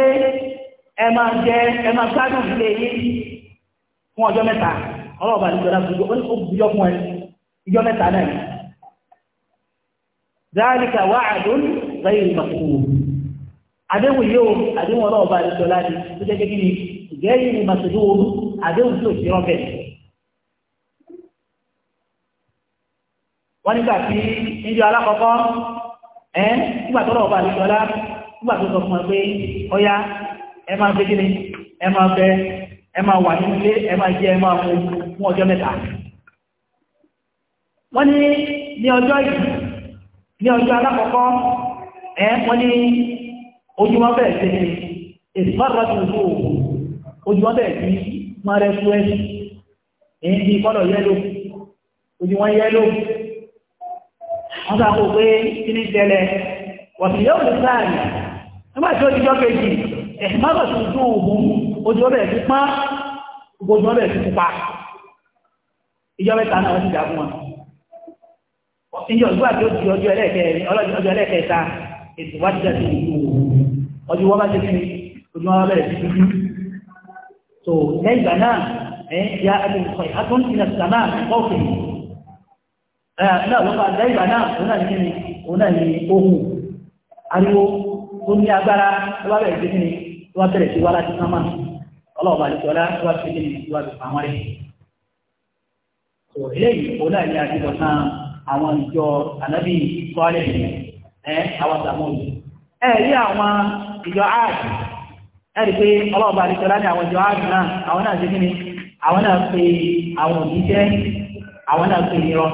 ẹ máa jẹ dáríkà wá àdún lẹ́yìn ìmọ̀kúrò àdéhùn yóò àdéhùn ọlọ́ọ̀bá àdéhùn ọláàdì tó jẹ́ gẹ́gẹ́ ní gẹ́yìn ìmọ̀kúrò àdéhùn tó ṣe rọ́bẹ̀ wọ́n nígbà tí níjọ alákọ̀ọ́kọ́ ẹ́ nígbà tó lọ́ọ̀bá àdéhùn ọlá nígbà tó sọ fún ẹ pé ọya ẹ máa fẹ́ gíní ẹ máa fẹ́ ẹ máa wà nílé ẹ máa jẹ ẹ máa mú fún ọjọ́ mẹ́ta wọ́n ní ọjọ́ yìí ní ọjọ́ alákọ̀ọ́kọ́ ẹ wọ́n ní ojú wọn bẹ̀rẹ̀ sí ní ìfọ́rọ̀tìlú ojú wọn bẹ̀rẹ̀ sí máa rẹ̀ fún ẹ̀sì èyí bí kọ́lọ̀ yẹ́lò ojú wọn yẹ́lò wọ́n sàkó pé kí ní tẹ́lẹ̀ wọ̀sí yóò lè sáàrì nígbà tí ó ti jọ́ kejì ìfọ́rọ̀tìlú ojú wọn bẹ̀rẹ̀ sí pá ojú wọn bẹ̀rẹ̀ sí pupa ìjọba ìta ìjọ ìgbà tó di ọjọ́ ẹlẹ́kẹ̀ẹ́rin ọjọ́ ẹlẹ́kẹ̀ẹ́ta ètò wá jíjà sí ìlú ọjọ́ wọ́n bá ti fi ojú wọn bẹ̀rẹ̀ sí dúdú tó lẹ́yìn ìgbà náà ẹ̀ ya ẹni nǹkan ìhàtún ìlà sàmà ọ̀fẹ́ náà ló máa lẹ́yìn ìgbà náà òun náà ní òun náà ní ohun ariwo tó ní agbára tó bá bẹ̀rẹ̀ sí ní tó bá bẹ̀rẹ̀ sí wá láti sánmà ọlọ́ọ̀bà àdìsọ́lá tó bá ti fi ní ìwádìí pàmò rẹ̀ tó eléyìí òun àwọn ìjọ ànábì sọ́ọ̀lẹ̀ ẹ̀ àwọn sàmúlù ẹ̀ àwọn ìjọ áàdì ẹ̀ pé ọlọ́ọ̀bà àdìsọ́lá ní àwọn ìjọ áàdì náà àwọn náà ṣe kí ni àwọn náà pe àwọn òjíṣẹ́ àwọn náà pe irọ́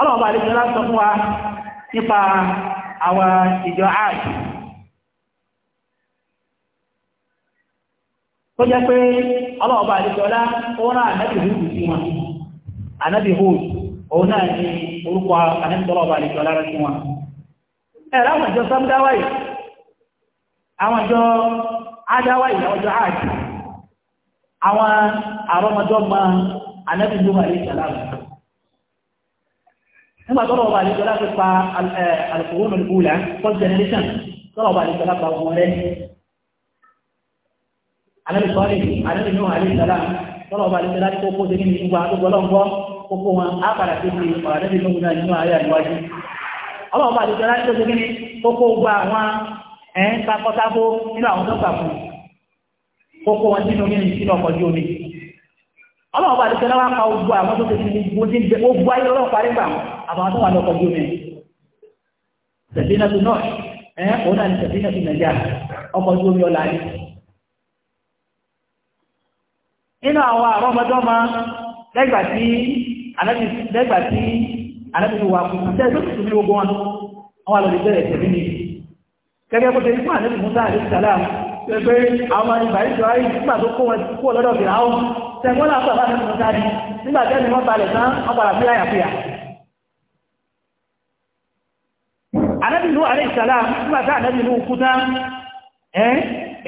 ọlọ́ọ̀bà àdìsọ́lá sọ fún wa nípa àwọn ìjọ áàdì anábì Hud òun náà ni orúkọ anábìtọ́lọ́ọ̀bà àlejò alára sí wọn ẹ̀rọ àwọn ìjọ sámúdáwáyì àwọn ìjọ ádáwáyì àwọn ìjọ áàdì àwọn àrọmọdọ́mọ anábì Nuhu àlejò alára nígbà tọ́lọ́ọ̀bà àlejò alára pa alùpùpù nìkúlẹ̀ first generation tọ́lọ́ọ̀bà àlejò alára pa wọn rẹ̀ anábì sọ́ọ̀lì anábì Nuhu àlejò alára tọ́lọ́ọ̀bà àlejò alára kó kó kókó wọn á padà sí ti ọ̀rọ̀ níbi lóhun náà nínú ayé àníwájú ọlọ́run bá àdìsọ́lá tó ṣe kíní kókó gba àwọn ẹ̀ ń takọ́tábó nínú àwọn tó gbà fún kókó wọn sínú kíní sínú ọkọ̀ ojú omi ọlọ́run bá àdìsọ́lá wá pa ogbó àwọn tó ṣe kíní gbogbo ayé ọlọ́run parí gbà àbàwọn tó wà lọ́kọ̀ ojú omi sẹ̀dínà tó náà ọkọ̀ ojú omi ọ̀la yìí nínú àwọn àrọ́mọdọ́mọ lẹ́gbàá tí alábi lẹ́gbà tí alábi wà fún un tẹ́lẹ̀ tó ti tóbi gbogbo wọn wọn wà lórí bẹ̀rẹ̀ tẹ̀lé ni gẹ́gẹ́ bó ṣe fún alábi musa àti sàlá pẹ̀pẹ́ àwọn ìbàrí tó ayé nígbà tó kó wọn kú ọlọ́dọ̀ fìlà ó tẹ̀gbọ́n náà pàpà alábi musa ni nígbà tẹ́lẹ̀ wọn balẹ̀ tán wọn padà fi àyàfìyà alábi lu àti sàlá nígbà tá alábi lu kú tán ẹ́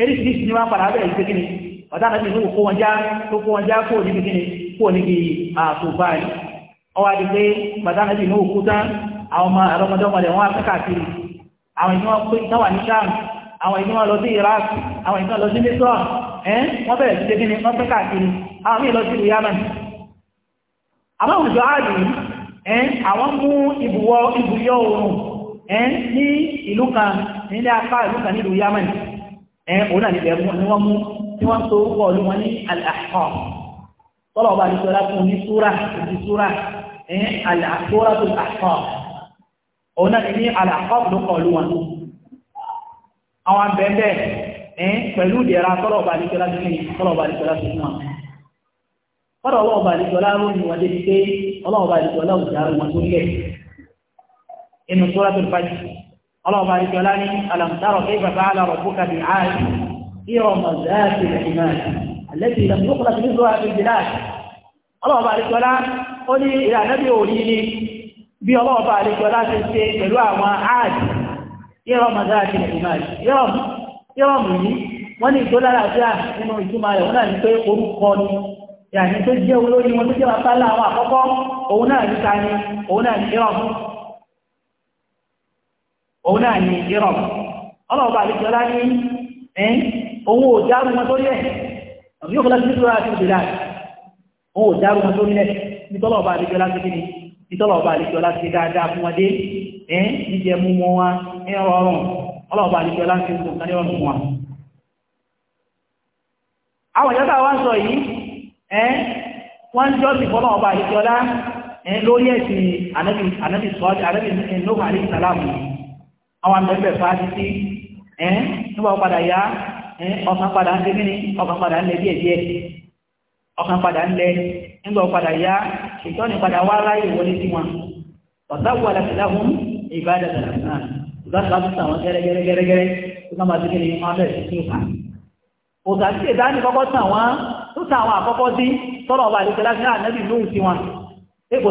eréṣiríṣi ni wọn padà bẹ̀rẹ̀ ìṣe já tó kó wọn já kó níbi kíni kó níbi àtòfà yìí ọwọ́ adi pé pàtàkì ní òkú tán àwọn ọmọ àrọ́mọdé ọmọdé wọn akẹ́kọ̀ọ́ àkiri àwọn ìdí wọn pé táwà ní sáà àwọn ìdí wọn lọ sí Iraq àwọn ìdí lọ sí mẹ́tọ́ ẹ́ wọ́n bẹ̀rẹ̀ sí dégínì wọ́n fẹ́ àwọn míì lọ sí ìlú àwọn mú ni al-Ahqaf tọ́lọ̀ ọba àdìsọ́lá fún ní súrà ìdí súrà ẹ̀yìn àlàkóra tó àkọ́ òun náà ní àlàkọ́ ló kọlu wọn àwọn abẹ́ẹ̀bẹ́ ẹ̀yìn pẹ̀lú ìdẹ̀ra tọ́lọ̀ ọba àdìsọ́lá fún ní tọ́lọ̀ ọba àdìsọ́lá fún wọn kọ́dọ̀ ọlọ́ ọba àdìsọ́lá ló ní wọ́n débi pé ọlọ́ ọba àdìsọ́lá ò dáa wọn tó lẹ̀ inú súrà التي لم يخلق مثلها في البلاد ọlọ́ọ̀bá àríkọlá ó ní ìrànẹ́bí òní ní bí ọlọ́ọ̀bá àríkọlá ti ṣe pẹ̀lú àwọn ààdì yẹ́rọ̀mù àdáàkì ìmáàdì yẹ́rọ̀mù yìí wọ́n ní ìtò láràájá nínú ìtumà rẹ̀ wọ́n náà ní pé orúkọ ni ìrànẹ́ tó jẹ́ olórí wọn tó jẹ́ bàbá láwọn àkọ́kọ́ òun náà àbí yóò fẹ́ láti nítorí àti ìdílé àti wọn ò dárú wọn tó nílẹ̀ nítọ́lọ̀ ọba àdéjọ́ láti kí ni nítọ́lọ̀ ọba àdéjọ́ láti kí dáadáa fún wọn dé ẹ́ níjẹ mú wọn wá ní ọrọ̀rùn ọlọ́ọ̀ba àdéjọ́ láti kí nǹkan ní ọrùn wọn. àwọn ìjọba wa ń sọ yìí ẹ́ wọ́n ń jọ́sìn fọ́lọ́ ọba àdéjọ́ lá ẹ́ lórí àwọn àmì ọkàn padà ń lé mí ní ọkàn padà ń lé díẹ̀ díẹ̀ ọkàn padà ń lẹ nígbà padà yá ìtọ́ ni padà wá ráyè wọlé sí wọn ọ̀sáwò alákìlá fún ìbáda tàbí náà ìbáda tó sàwọn gẹ́rẹ́gẹ́rẹ́gẹ́rẹ́ tó náà máa ti kéde wọn bẹ̀rẹ̀ sí ìfà òsà sí ìdáni kọ́kọ́ tàn wọ́n tó tàn àwọn àkọ́kọ́ sí tọ́lọ̀ ọba àdìsẹ́lá sí ànábì lóhùn sí wọn ẹ kò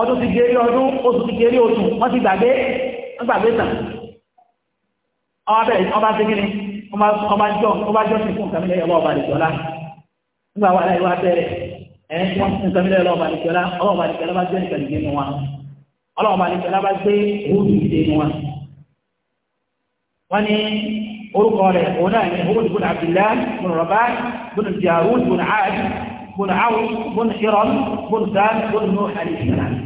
ọdún ti gerí ọdún oṣù ti gerí oṣù wọ́n ti gbàgbé gbàgbé tàn ọba ṣe gíní ọba jọ ọba jọ sí fún kàmílẹ̀ ọba ọba àdìsọ́lá nígbà wà láìwá bẹ̀rẹ̀ ẹ̀ tí wọ́n fún kàmílẹ̀ ọba àdìsọ́lá ọba ọba àdìsọ́lá bá gbé nìkan nìkan wọn ọlọ́ọ̀ba àdìsọ́lá bá gbé òwúrú ìdè wọn. wọ́n ní orúkọ rẹ̀ òun náà ní owó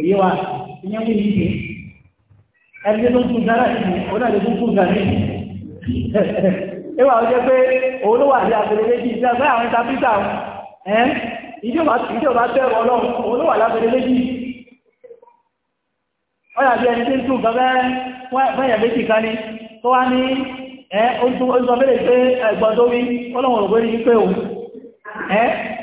òye wa ìyẹn wí ní ìdè ẹgbẹ́ tó ń fún dára ìmú onáde tó ń fún gàrí <laughs> ìwà ọjọ́ pé òun ló wà ní abẹ́rẹ́ méjì àwọn ìtàpítà ìjọba bẹ̀rù ọlọ́run òun ló wà lábẹ́rẹ́ méjì ẹni tí ń tún bẹ́ẹ̀ bẹ́yẹ̀ méjì ká ní tó wá ní ẹ́ ó ń pé ẹgbọ́n tó wí ọlọ́run òrògbé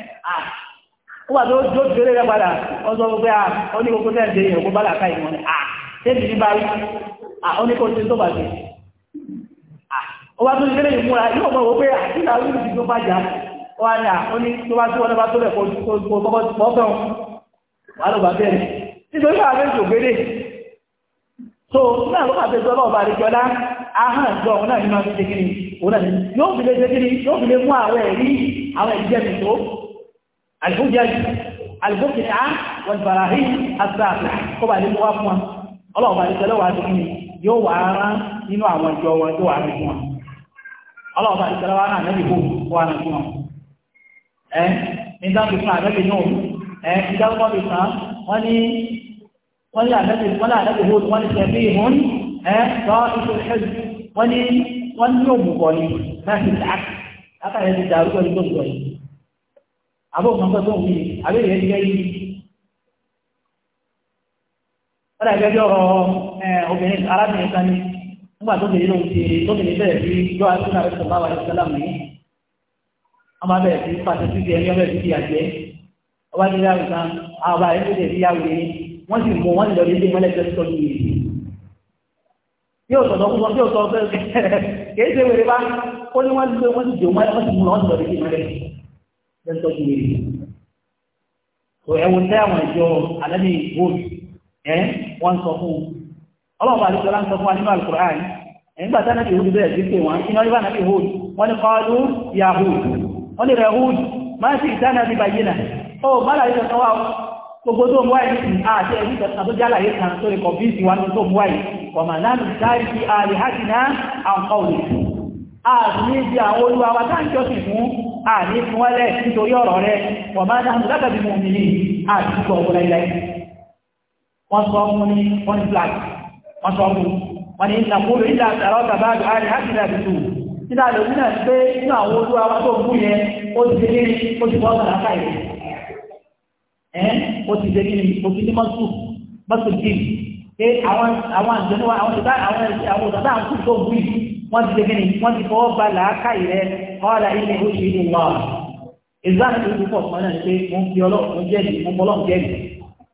wà tó jó jòlè rẹ padà ọjọ́ gbogbo à oníkókó tẹ́ǹdé yẹn kó bá làkà ìmọ̀ ni à tẹ́ǹdé ní báyìí à oníkó tí tó bàjẹ́ ọba tó ti tẹ́lẹ̀ ìmúra yóò mọ̀ wọ́pẹ́ àtìlà orí ti tó bàjá wà ní à oní tó bá tó wọn bá tó lẹ̀ kó kọ́kọ́ ti pọ̀ fẹ́ wọn wà ló bá bẹ́ẹ̀ nítorí wà bẹ́ẹ̀ tó gbélé so náà ló pàṣẹ sọ́lọ́ ọba àdéjọ́lá ahọ́n ìjọ òun náà ní máa fi ṣe kiri òun náà yóò fi lè ṣe kiri yóò fi lè mú àwọn ẹ̀rí àwọn ẹ̀rí jẹ́ mi tó الحجج البقعة والبراهين الساطعة kọba ní wá fún wọn ọlọ́ọ̀bá ní tẹ́lọ́wà tó kí ni yóò wà ara nínú àwọn ìjọ wọn tó wà ní fún wọn ọlọ́ọ̀bá ní tẹ́lọ́wà náà nẹ́bí fún wà ní fún wọn ẹ́ ìdájú fún àdẹ́bì náà ẹ́ ìdájú fún àdẹ́bì náà wọ́n ní wọ́n ní àdẹ́bì wọ́n ní àdẹ́bì hóòtù wọ́n ní sẹ́fí ìhún ẹ́ sọ ìṣòro ṣẹ́jú wọ́n ní wọ́n ní òmùgọ̀ ni láti dáa látàrí ti dàrú pẹ̀lú tó ń sọ yìí àbọ̀ mọ̀ pẹ́ tó ń wí àbẹ́ ìyẹn ti gẹ́yìn ó dà gẹ́gẹ́ ọ̀rọ̀ obìnrin arábìnrin kan ní nígbà tó bèèrè lóhun ti tó bèèrè bẹ̀rẹ̀ sí yọ àtúnṣe àti sọ̀rọ̀ àwọn ìṣẹ̀lá mi ọmọ abẹ́rẹ́ sí pàṣẹ sí ti ẹni ọbẹ̀ sí ti àjẹ́ ọba ti yáwó kan àwọn ọba rẹ̀ tó tẹ̀sí yáwó yẹn wọ́n sì mú wọ́n lọ lé mọ́lẹ̀ tó tọ́jú yìí yóò sọ̀tọ̀ fún wọn yóò sọ fẹ́ kì í ṣe wèrè bá ó ní wọ́n ti gbé wọ́n ti dè wọ́n ti mú lọ́wọ́ lẹ́tọ́ tó wèrè tó ẹ̀wọ̀n tẹ́ àwọn ìjọ alẹ́mí gold ẹ̀ wọ́n sọ fún un ọlọ́ọ̀bà àti sọlá ń sọ fún wa nínú alukur'an ẹ̀yìn gbàtà náà ti hold bẹ́ẹ̀ sí pé wọ́n iná nígbà náà ti hùd wọ́n ní kọ́ọ̀lù ya hùd wọ́n ní rẹ̀ hùd máa sì ìta náà ti bàyé nà ó má láyé sọ wá gbogbo tó mú àyè sí àti ẹ̀yìn kan tó jálàyé kan tó lè kọ̀ọ̀bí sí wa tó mú àyè kọ̀mà náà ti sáré sí àlè hàjì náà àwọn ààrí ibi àwọn olúwa wa táǹkọ́sìn fún ààrí fún ẹlẹ́ nítorí ọ̀rọ̀ rẹ̀ wọ̀n máa dáhùn látàbí mú mi ní ààrí púpọ̀ ilẹ̀ wọ́n sọ mú ní wọ́n flag wọ́n sọ mú wọ́n ní ìlàkúrò ìlà àtàrọ́ta bá ààrí àtìlà tuntun nílà lòmí pé inú àwọn olúwa wa tó mú yẹn ó ti dé ní wọ́n ti tẹ́gẹ́ ni wọ́n ti fọwọ́ bá làákà ìrẹ́ ọ́la ilẹ̀ oṣù ilé wà ìzáàmì tó dúpọ̀ fún ẹ̀ pé mo ń fi ọlọ́run jẹ́rìí mo bọ́lọ́ jẹ́rìí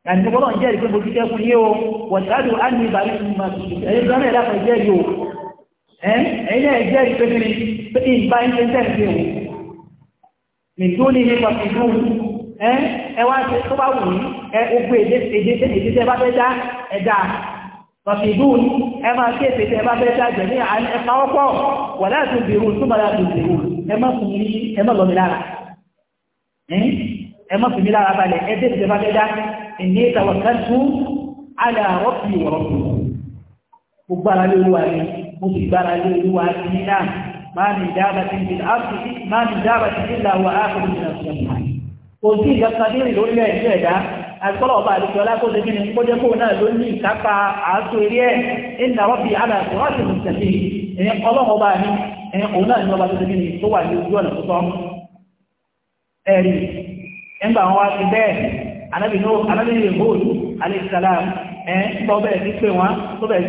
àti mo bọ́lọ́ jẹ́rìí pé mo ti tẹ́kun yé o wọ̀tádù á ní ìbàrí fún ma tù ẹ̀yẹ́ tó náà lápá jẹ́rìí o ẹ̀dá tọ̀fìdún ẹ máa kí èsì tẹ́ bá bẹ́ ṣáàjẹ̀ ní ẹ̀fà ọpọ̀ wà láti bèrún tó bára tó bèrún ẹ má fún mi ẹ má lọ́mi lára ẹ má fún mi lára balẹ̀ ẹ dé ìjọba bẹ́ dá ẹ̀ní ìtawọ̀kánṣú aláàrọ́pì ìwọ̀rọ̀pù gbogbo ara lé olúwa ni mo sì gbára lé olúwa ní náà máa ní dáàbà ti fi láwọ̀ ákùnrin ìrìnàṣẹ́ àtìkọ́lọ̀ ọba àdìkọ́ lákó ṣe kíni kó jẹ́ kó náà ló ní ìkápá àásù eré ẹ̀ ìnà rọ́bì aláàtì rọ́bì mùsùlùmí ẹ̀yìn ọlọ́run ọba ní ẹ̀yìn òun náà ní ọba tó ṣe kíni tó wà ní ojú ọ̀nà tó tọ́ ẹ̀rí ẹ̀ǹgbà wọn wá sí bẹ́ẹ̀ anábì ní anábì ní ìhóòlù alẹ́sàlám ẹ̀ ń gbọ́ bẹ́ẹ̀ sí pé wọn tó bẹ̀rẹ̀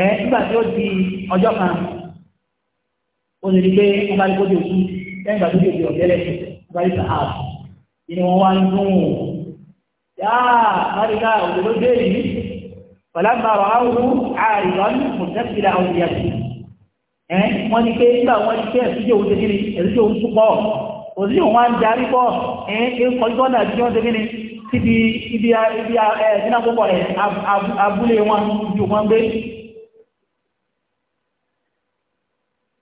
ẹ̀ nígbà tí ó di ọjọ́ kan ó ti di pé wọ́n bá rí kójú òkú lẹ́yìn ìgbà tó kéde ọ̀gẹ́lẹ̀ wọ́n bá rí sàhàb ìní wọn wá ń dùn yáà máríkà òdòdó dé yìí pàlámà rọ̀ áwùrú àìrán mùsẹ́sìlá òdìyàtì ẹ̀ wọ́n ní pé nígbà wọ́n ti pé ẹ̀sùn jẹ́ òun ṣe kíni ẹ̀sùn jẹ́ òun púpọ̀ òsì òun wá ń darí pọ̀ ẹ̀ ẹ̀ kọjú ọ̀nà àti wọ́n ṣe kíni síbi ibi ẹ̀ sínú àkókò rẹ̀ abúlé wọn ju wọn gbé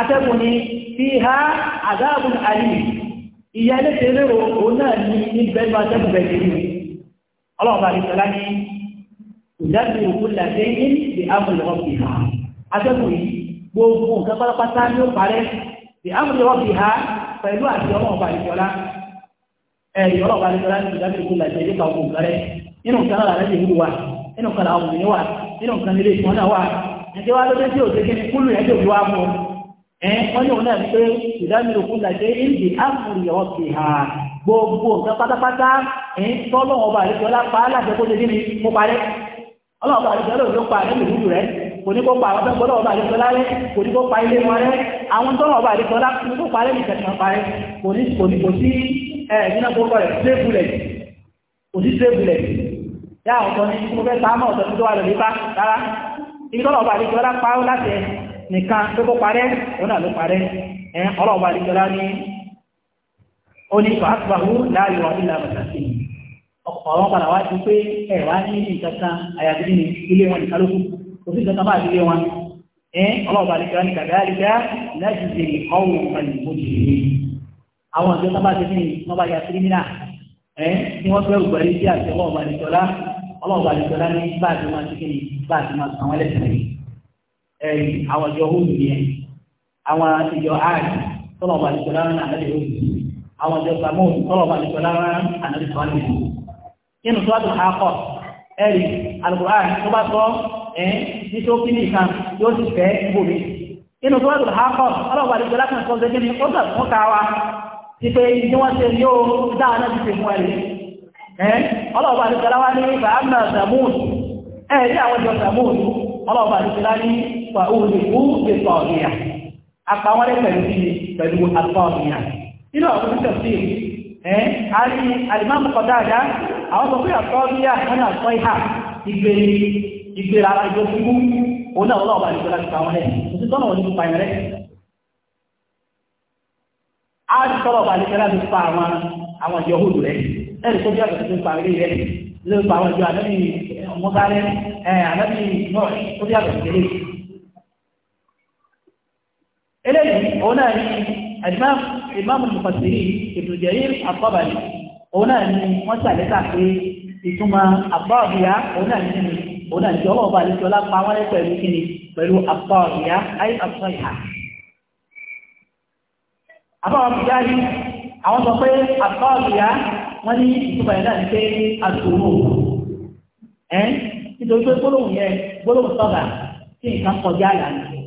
atẹ́kùn ni fi ha àdáàbùn àrí ìyá ilé lérò òun náà ní ìgbẹ́nu atẹ́kùn bẹ̀rẹ̀ ní ọlọ́ọ̀bà ìṣẹ́lá ní ìdájú òkú làdé ní the amúlẹ̀ ọ̀bì ha atẹ́kùn yìí gbogbo nǹkan pátápátá ní ó parẹ́ the amúlẹ̀ ọ̀bì ha pẹ̀lú àti ọlọ́ọ̀bà ìṣọ́lá ẹ̀rí ọlọ́ọ̀bà ìṣọ́lá ní ìdájú òkú làdé ní kàwọ́ òkúrẹ́ nínú nǹkan náà làdé ìlú wa nínú nǹkan àwọn òmìnir wa nínú wa ẹ̀jẹ̀ wa ló dé sí òṣèké ní kúlù ẹ̀jẹ̀ òbí wa mú wọ́n ní òun náà pé ìdámìlò fún ìdájẹ́ ìdí àmúrí ọ̀sẹ̀ ha gbogbo nǹkan pátápátá ẹ̀ ń tọ́lọ́ ọba àríkẹ́ ọlápá alájẹ́kó ṣe níbi mú parẹ́ ọlọ́ọ̀bà àríkẹ́ ọlọ́ọ̀ ló pa àrẹ́ lùdú rẹ̀ kò ní kó pa àwọn ọ̀fẹ́ ọlọ́ọ̀bà àríkẹ́ ọlá rẹ̀ kò ní kó pa ilé wọn rẹ̀ àwọn tọ́lọ́ọ̀bà àríkẹ́ ọlá kó parẹ́ nìkan kan parẹ́ kò ní kò ní kò sí ẹ̀ nínú gbogbo rẹ̀ ṣé bulẹ̀ kò sí ṣé bulẹ̀ yá ọ̀tọ̀ ni mo fẹ́ àríkẹ́ ọlá nìkan tó kó parẹ́ ó náà ló parẹ́ ẹn ọlọ́ọ̀bá àdìjọlá ní ó ní ìfà àtúbàwò láàyò àdìlà bàtàkì ọ̀rọ̀ padà wá ti pé ẹ̀ wá ní ìkankan àyàbí ní ilé wọn nìkan lókù kò sí ìkankan máa ilé wọn ẹn ọlọ́ọ̀bá àdìjọlá ní kàdá àdìjá láti ṣe ọ̀hún àlùmọ́jì àwọn ìjọ sábà ti fi wọn bá ya kírímínà ẹ tí wọn fẹ́ ògbà ẹ̀rí àwọn ìjọ yẹn àwọn ìjọ áàdì tọ́lọ̀ bá nìkọ́ lára àwọn ìjọ samóòdù tọ́lọ̀ bá nìkọ́ lára ànábì tó àtò àkọ́ ẹ̀rí alukur'an tó bá sọ ní tó kí yóò sì fẹ́ tó àkọ́ fa òhùnìkú lè sọ ọ̀nìyà apáwọ́lẹ̀ pẹ̀lú sí ni pẹ̀lú àtọ́ ọ̀nìyà nínú àwọn oníṣẹ́ sí ẹ̀ a rí alimamu kọ̀dáàdá àwọn sọ pé àtọ́ ọ̀nìyà wọn náà sọ ìhà ìgbé ìgbéra ìjọ fúnmú òun náà ọlọ́ọ̀bà ìjọ láti pa wọn lẹ̀ òsì tọ́nà wọn ní pa ìrẹ́ a ti tọ́lọ̀ ọba ìjọ láti pa àwọn àwọn ìjọ hóòdù rẹ̀ ẹ̀rì tó jẹ́ àtọ̀tọ̀ tó ń pa ìrẹ́ rẹ̀ lórí pa àwọn ìjọ àdẹ́bì ọmọ sáré àdẹ́bì náà tó jẹ́ àtọ̀tọ̀ eléyìí òun náà ni ìmáàmù mùfàsírì Ibn Jarir At-Tabari òun náà ni wọ́n ṣàlẹ́kà pé ìtumọ̀ àbáàbíyá òun náà nínú òun náà ti ọlọ́ọ̀bá àlejò lápá wọn pẹ̀lú kíni pẹ̀lú àbáàbíyá ayé àtúnṣe ìhà. àbáàbíyá yìí àwọn sọ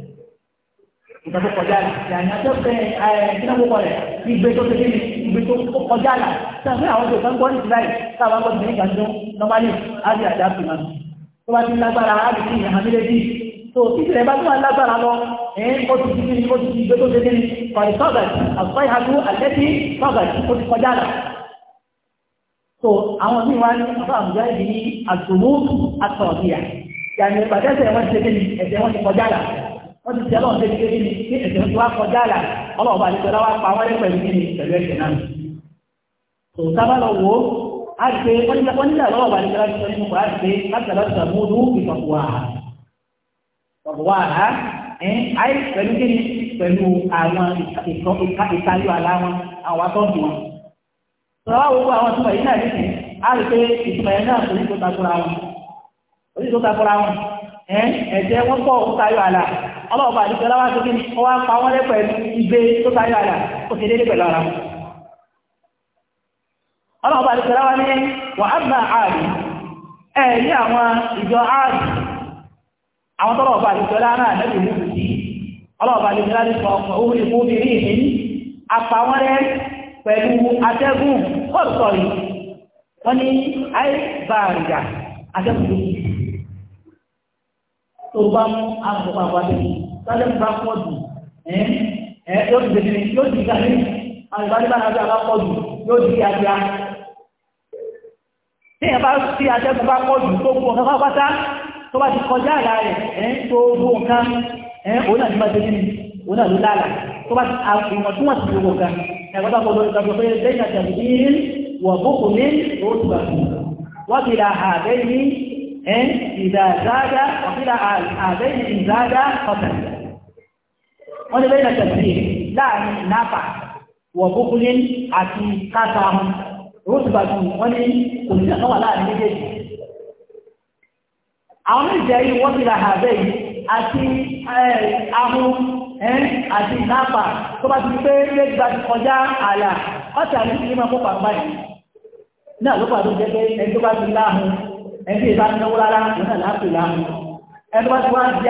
nǹkan tó kọjá la yàrá tó fẹ ẹ kíná tó kọlẹ ìgbé tó tẹlẹ ní ìgbé tó kọjá la sàmì àwọn tó kàn gbọ́ ní ti báyìí sábà gbọ́ ní ìgbàdó nọ́málì àti àdáàbì máa tó bá ti lágbára àbí ti ìyàmà méjèèjì tó ìṣẹ̀lẹ̀ bá tó wà lágbára lọ ẹ̀ ó ti ti ní ó ti ti ìgbé tó tẹlẹ ní kọ̀ọ̀ì sọ́gàtì àkọ́ ìhàdú àlẹ́tì sọ́gàtì ó ti kọjá la tó wọ́n ti tẹ́lọ̀ ṣe ṣe kí ni kí ẹ̀sẹ̀ tó wá kọjá àlà ọlọ́ọ̀bà àti ìṣẹ̀lá wá pa wọ́n pẹ̀lú kí ni pẹ̀lú ẹ̀sẹ̀ náà tó sábà lọ wò ó á ṣe wọ́n nílẹ̀ ọlọ́ọ̀bà àti ìṣẹ̀lá ti sọ nínú kò á ṣe láti àlọ́ ìṣàmúlú ìfọ̀kùwà ọ̀bùwà á ẹ̀ ayé pẹ̀lú kí ni pẹ̀lú àwọn ìtayọ̀ àlá wọn àwọn atọ́jú wọn sọ̀rọ̀ gbogbo àwọn tó wáyé náà nìkan á rí pé ìtumọ̀ ẹ̀ náà orí tó takora wọn orí ọlọ́ọ̀bà àdìsẹ́ láwá tó kí ọwá pa wọ́n pẹ̀lú igbe tó tayọ pẹ̀lú ara ọlọ́ọ̀bà àdìsẹ́ láwá wà àwọn ìjọ àwọn atẹ́gùn tó bá mú àgbọ̀pọ̀ àbájẹ́ mi sálẹ̀ bá pọ̀ jù ẹ́ ẹ́ yóò ti tẹ̀lé yóò ti gàdé àgbàdé bá nàbí àbá pọ̀ jù yóò ti àjà. tí ẹ bá ti àtẹ́kùn bá pọ̀ jù tó gbọ́ nǹkan pátá tó bá ti kọjá àlá rẹ̀ ẹ́ tó gbọ́ nǹkan ẹ́ òun náà ti máa tẹ̀lé òun náà ló lálà tó bá ti àfihàn tí wọ́n ti gbogbo nǹkan ẹ̀kọ́ tó lórí kan pé lẹ́yìn àtẹ̀lé wọ̀ bókùnrin ó ti ìdá záadá ọ̀fíra àbẹ́yìn ìzáadá ọ̀tà wọ́n lè lẹ́yìn àtẹ̀sí láàrin náfà wọ̀ búkúlé àti káta ahun rúùsùbàtù wọ́n ní òṣìṣẹ́ náà wà láàrin méjèèjì àwọn méjèèjì yìí wọ́n fìlà àbẹ́yìn àti ahun àti náfà tó bá ti pé méjì bá ti kọjá àlà ọ̀tà ní ìlú máa kópa báyìí náà ló pàdé jẹ́ pé bá ti láhùn ẹni tí ìbá náwó rárá lọ́nà láàpù láàmù ẹni wá ti wá di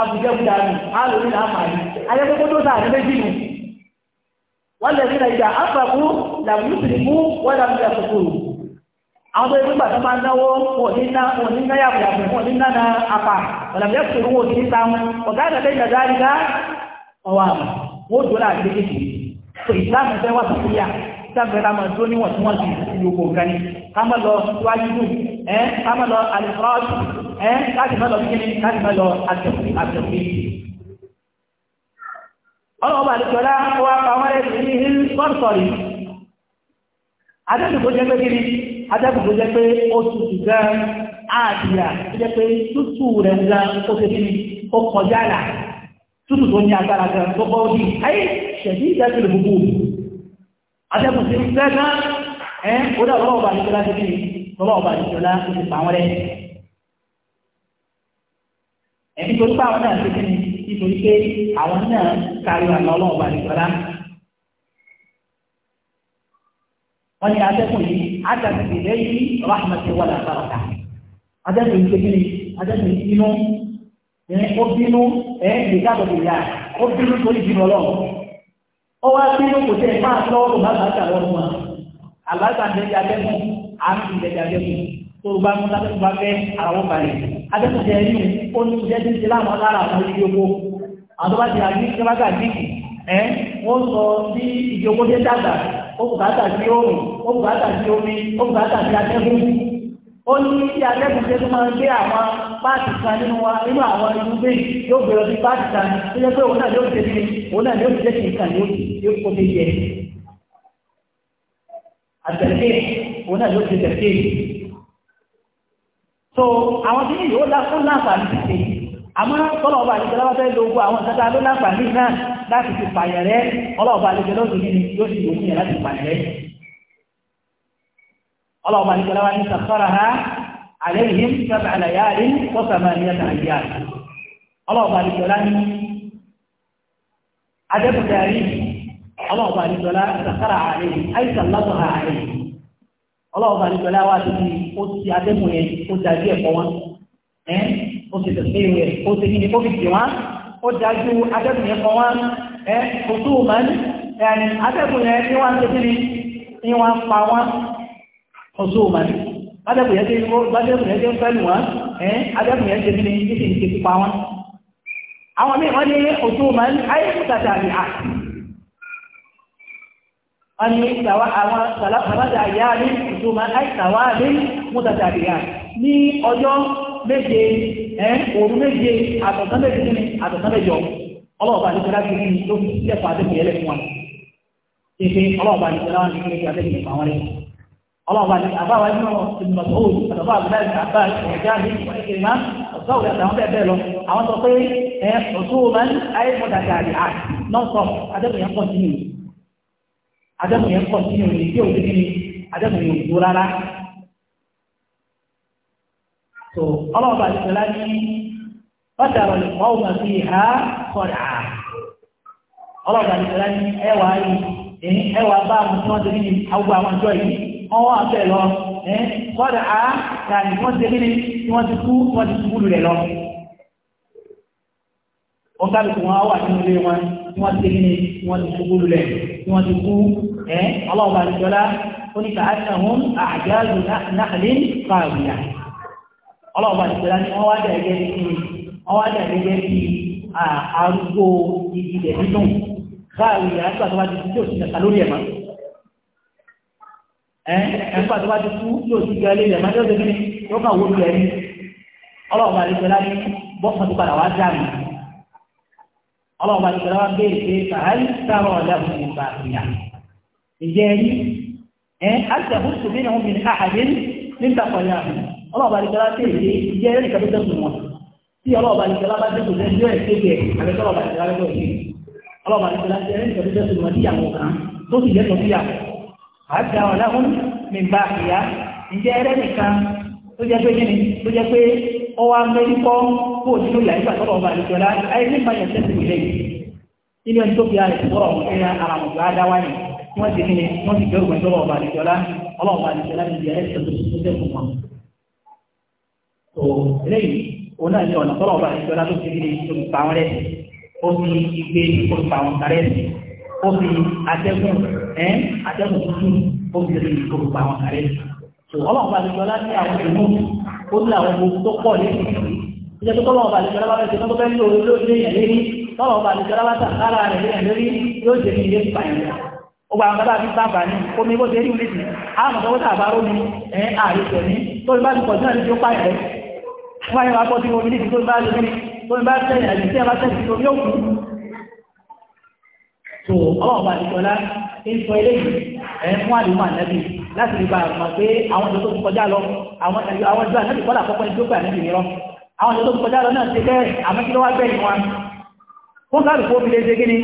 abùjẹ́bùdà nù á lórí láàmàlì ayẹ́kókó tó sáà ní méjì nù wọ́n lè nílẹ̀ ìjà áfàkú làmúlùsìlì mú wọ́n làmú ilẹ̀ kòkòrò àwọn tó ẹgbẹ́ gbàtọ́ máa náwó òní náà yàgùyàgùn òní náà apà ọ̀làmúlẹ̀ kòkòrò wọn ò ní sáwọn ọ̀gá ìdàgbẹ́ ìdàgbẹ́ ọwọ́ àmà wọ́n dúró láti kékeré so ìsìláàmù fẹ́ wà sàkúyà sábẹ́ra máa dúró níwọ̀n tí wọ́n ti ìlú kò gani ká má lọ síwájú ẹ́ ká má lọ àlìfọ́ọ̀tù ẹ́ láti má lọ sí kíni láti má lọ àtẹ̀kùn àtẹ̀kùn
ọlọ́wọ́ bá àdìsọ́lá wá pa wọ́n rẹ̀ sí ní sọ́ọ̀sọ̀rì
adẹ́kùn tó jẹ́ pé kíni adẹ́kùn tó jẹ́ pé ó tutù gan àdìyà tó jẹ́ pé tútù rẹ̀ ń gan ó ṣe kíni ó kọjá àlà tútù tó ní agbára gan tó bọ́ òdì ayé ṣẹ̀dí ìdájọ́ ìbùkù adẹ́kùn tó ń gan ẹ́ ó dà lọ́wọ́ tọ́lọ́ ọba ìṣọ́lá ó ti pa wọ́n rẹ̀.
ẹ̀mí torí pé àwọn náà ti kí ni nítorí pé àwọn náà kárí àná ọlọ́run ọba ìṣọ́lá.
wọ́n ní atẹ́kùn yìí átàkùn ìdẹ́ yìí rahmatulahi wà lábàrọ̀ta. atẹ́kùn yìí kékeré atẹ́kùn yìí inú ó bínú ẹ̀ lè dábọ̀ lè yá ó bínú torí bínú ọlọ́run. ó bínú kò tẹ̀ máa lọ́wọ́ bàbá àgbà lọ́rùn wa àbáta ń bẹ́ẹ̀ àrùn ìdẹ̀jà jẹ́kù tó bá mú lábẹ́ bá fẹ́ àwọn balẹ̀ adẹ́kùnjẹ ẹni ó ní jẹ́ ti láwọn lára àwọn ilé owó àwọn tó bá ti àgbí kẹlágà díìkì ẹ wọ́n sọ bí ìdí owó jẹ́ dàgbà ó kù bàtà sí oòrùn ó kù bàtà sí omi ó kù bàtà sí atẹ́gùn ó ní tí atẹ́gùn tẹ́ tó máa ń gbé àwọn páàtì kan nínú wa nínú àwọn inú bẹ́ẹ̀ yóò gbèrò sí páàtì kan tó jẹ́ pé òun náà yóò ṣe kí òun náà yóò ṣe kí nǹkan yóò kó fi yẹ.
àtẹ̀lé òun
náà yóò ṣe tẹ̀sí so àwọn tí yóò dá fún láǹfààní títì àmọ́ tọ́lọ̀ ọba àti ìjọba fẹ́ lo ogun àwọn ìjọba ló láǹfààní náà láti fi pààyàn rẹ ọlọ́ọ̀ba àti ìjọba lóṣù yìí yóò sì yóò yẹn láti pààyàn rẹ ọlọ́ọ̀ba àti ìjọba ní sàkọ́ra ha àlẹ́ yìí ń sábà àlàyé àrí kọ́sà máa ní ẹ̀ta àyè àrí ọlọ́ọ̀ba àti ìjọba ní adẹ́kùnrin àrí ọlọ́ọ̀ba àti sàkọ́ra àrí àìsàn lọ́sọ̀ àrí ọlọ́run bá nítorí àwọn ó ti adékun yẹn ó dájú ẹ̀kọ́ wọn ẹ́ ó ti tẹ̀sí rẹ̀ ó ti yìí ó tì ó dájú yẹn kọ́ wọn ẹ́ kò tó o máa yẹn ní wọ́n ń ni ní wọ́n ń pa wọ́n ní ìtàwà àwọn sàlápàdà ìyá ní ìjọmọ̀ àìsàwà ní mútàtàbíyà ní ọjọ́ méje ẹ́ òru méje àtọ̀tán méje ní àtọ̀tán méjọ ọlọ́ọ̀bà ní sọ́lá ti ní ló fi sílẹ̀ fún àtẹ́kùn yẹlẹ̀ fún wọn ṣeṣe ọlọ́ọ̀bà ní sọ́lá wọn ní kí àtẹ́kùn yẹlẹ̀ fún wọn ọlọ́ọ̀bà ní àbáwá inú ìmọ̀tòhùn àtàbà àbúláì àbá ìjà ní ìmọ̀ ọ̀sọ́ọ̀rì àtàwọn bẹ́ẹ̀ bẹ́ẹ̀ lọ àwọn sọ pé ẹ̀ ọ̀tún ọmọ ayé mọ̀tàtà àdìhà nọ́ọ̀sọ̀ àtẹ́kùn yẹn kọ́ntínú adamu yẹn kọ̀ sínú ní tí òun ti ní adamu yẹn ò dúró rárá. tó ọlọ́ọ̀bà ìṣẹ̀lá ní ọjà rọ̀ lẹ́kọ̀ọ́ ọ̀gbà sí ìhà kọ̀dà. ọlọ́ọ̀bà ìṣẹ̀lá ní ẹwà yìí ẹwà bá àwọn tí wọ́n ti ní àwọn àwọn àjọ yìí wọ́n wà bẹ́ẹ̀ lọ kọ́dà á kàní wọ́n ti ní tí wọ́n ti kú wọ́n ti kú lulẹ̀ lọ. wọ́n kálukú wọn wà nínú ilé wọn wọ́n ti ní wọ́n ti kú lulẹ̀ wọ́n ti kú ẹ́ ọlọ́run bá nìjọlá ó ní káàkiri àwọn àjáàlù náàlẹ́ fàáwìyà ọlọ́run bá nìjọlá ní wọ́n wá dà gẹ́gẹ́ bí i wọ́n wá dà gẹ́gẹ́ bí i arúgbó igi ilẹ̀ nínú fàáwìyà nígbà tó bá ti tí ò sí ẹ̀ka lórí ẹ̀mọ́ ẹ̀ nígbà tó bá ti tú lórí ẹ̀mọ́ tó ti ní ọlọ́run bá nìjọlá wá dà ìjẹ́rí ẹ́ àtẹ̀húsù bí náà mi àhàdé nígbà pẹ̀lú àmì ọlọ́ọ̀bà nìkẹ́lá tẹ̀ èdè ìjẹ́rí nìkan tó dẹ́kun wọn tí ọlọ́ọ̀bà nìkẹ́lá bá dẹ́kun lẹ́jọ́ ẹ̀ kéde ẹ̀ àbẹ́tọ́ ọlọ́ọ̀bà nìkẹ́lá lẹ́jọ́ ẹ̀ ọlọ́ọ̀bà nìkẹ́lá tẹ̀ ẹ̀rí nìkan tó dẹ́kun wọn tí àwọn kan tó sì yẹ tọ́sí àwọn àti àwọn aláhùn mi bá ìyá ìjẹ́ jẹ́ pé kíni tó jẹ́ pé ó wá mẹ́ríkọ́ kó nínú ìyá ìgbà tọ́lọ̀ ọba àdìjọ́lá ayé nípa yẹn tẹ́sí ìlẹ́yìn nínú ẹni tó fi ara ẹ̀ sọ̀rọ̀ ẹ̀yà àràmùgbà dáwáyé wọ́n ti kí ni wọ́n ti gbẹ́rù pẹ̀lú ọlọ́ọ̀bà àdìjọ́lá ọlọ́ọ̀bà àdìjọ́lá ní ìyá ẹ̀sẹ̀ tó tó tẹ̀kù wọn. tó eléyìí òun náà ní ọ̀nà tọ́lọ̀ọ̀bà àdìjọ́lá tó ti kí ni olùpa wọn rẹ̀ ó fi igbe olùpa wọn kárẹ́ ó fi atẹ́gùn ẹ́ atẹ́gùn tuntun ó fi rí olùpa wọn kárẹ́ tó ọlọ́ọ̀bà àdìjọ́lá ní àwọn ìlú ó ní àwọn ohun tó pọ̀ lẹ́yìn ìjẹ́ tó tọ́lọ̀ ọgbà àwọn bàbá àbíkà bà ní omi bó ṣe rí orí sí àwọn ọ̀dọ́ wọ́n tàbá rómi ẹ̀ ààrẹ tẹ̀ ní tó bá ti pọ̀jù náà ní tí ó pàṣẹ wọ́n yẹ wá pọ̀ sí omi níbi tó bá lè rí tó bá tẹ̀yìn àti tí a bá tẹ̀sí omi ó kú. tó ọlọ́run bá nìkọ́lá ń sọ eléyìí ẹ̀ fún àdúgbò ànábì láti lè ba àmọ̀ pé àwọn ọ̀dọ́ tó ti kọjá lọ àwọn ọjọ́ ànábì kọ́lá àkọ́kọ́ ẹni tó gbà ànábì nírọ́ àwọn ọ̀dọ́ tó ti kọjá lọ náà ti bẹ́ẹ̀ àmọ́ kí ló wá bẹ́ẹ̀ ni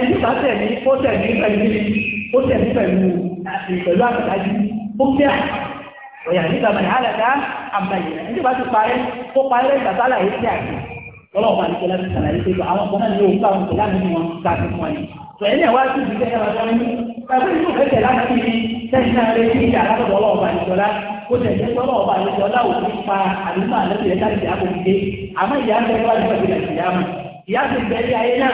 ẹni bá tẹ̀mí ó tẹ̀mí pẹ̀lú ó tẹ̀mí pẹ̀lú eh, pẹ̀lú àtàlájú ó kí à ọ̀yà nígbà mẹ́rin àlàdá àbàyè ẹni bá ti parẹ́ ó parẹ́ ìgbàsálà yìí sí àgbẹ̀ ọlọ́ọ̀bá ní kẹlẹ́ ti sàlàyé pé àwọn ọmọ náà ní òkú àwọn kẹlẹ́ àmì wọn gbà fún wọn ni tọ́ ẹni ẹ̀wá sí ìdílé ẹ̀rọ tó ń tàbí ìlú náà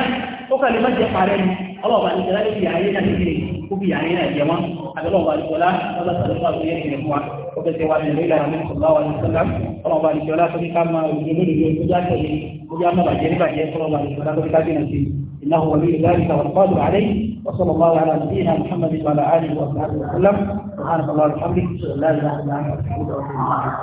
ó kà lè má jẹ́ parẹ́ ni ọlọ́ọ̀bà ní ìjọba níbi ààyè náà níbi níbi ààyè náà jẹ́ wọn àbẹ̀lọ́ọ̀bà ìjọba lọ́la sàlùmọ́ àgbéyẹ̀ ìrìn fún wa ó fẹsẹ̀ wà nílò ìlànà ní sọ̀láwà ní
sọ̀lá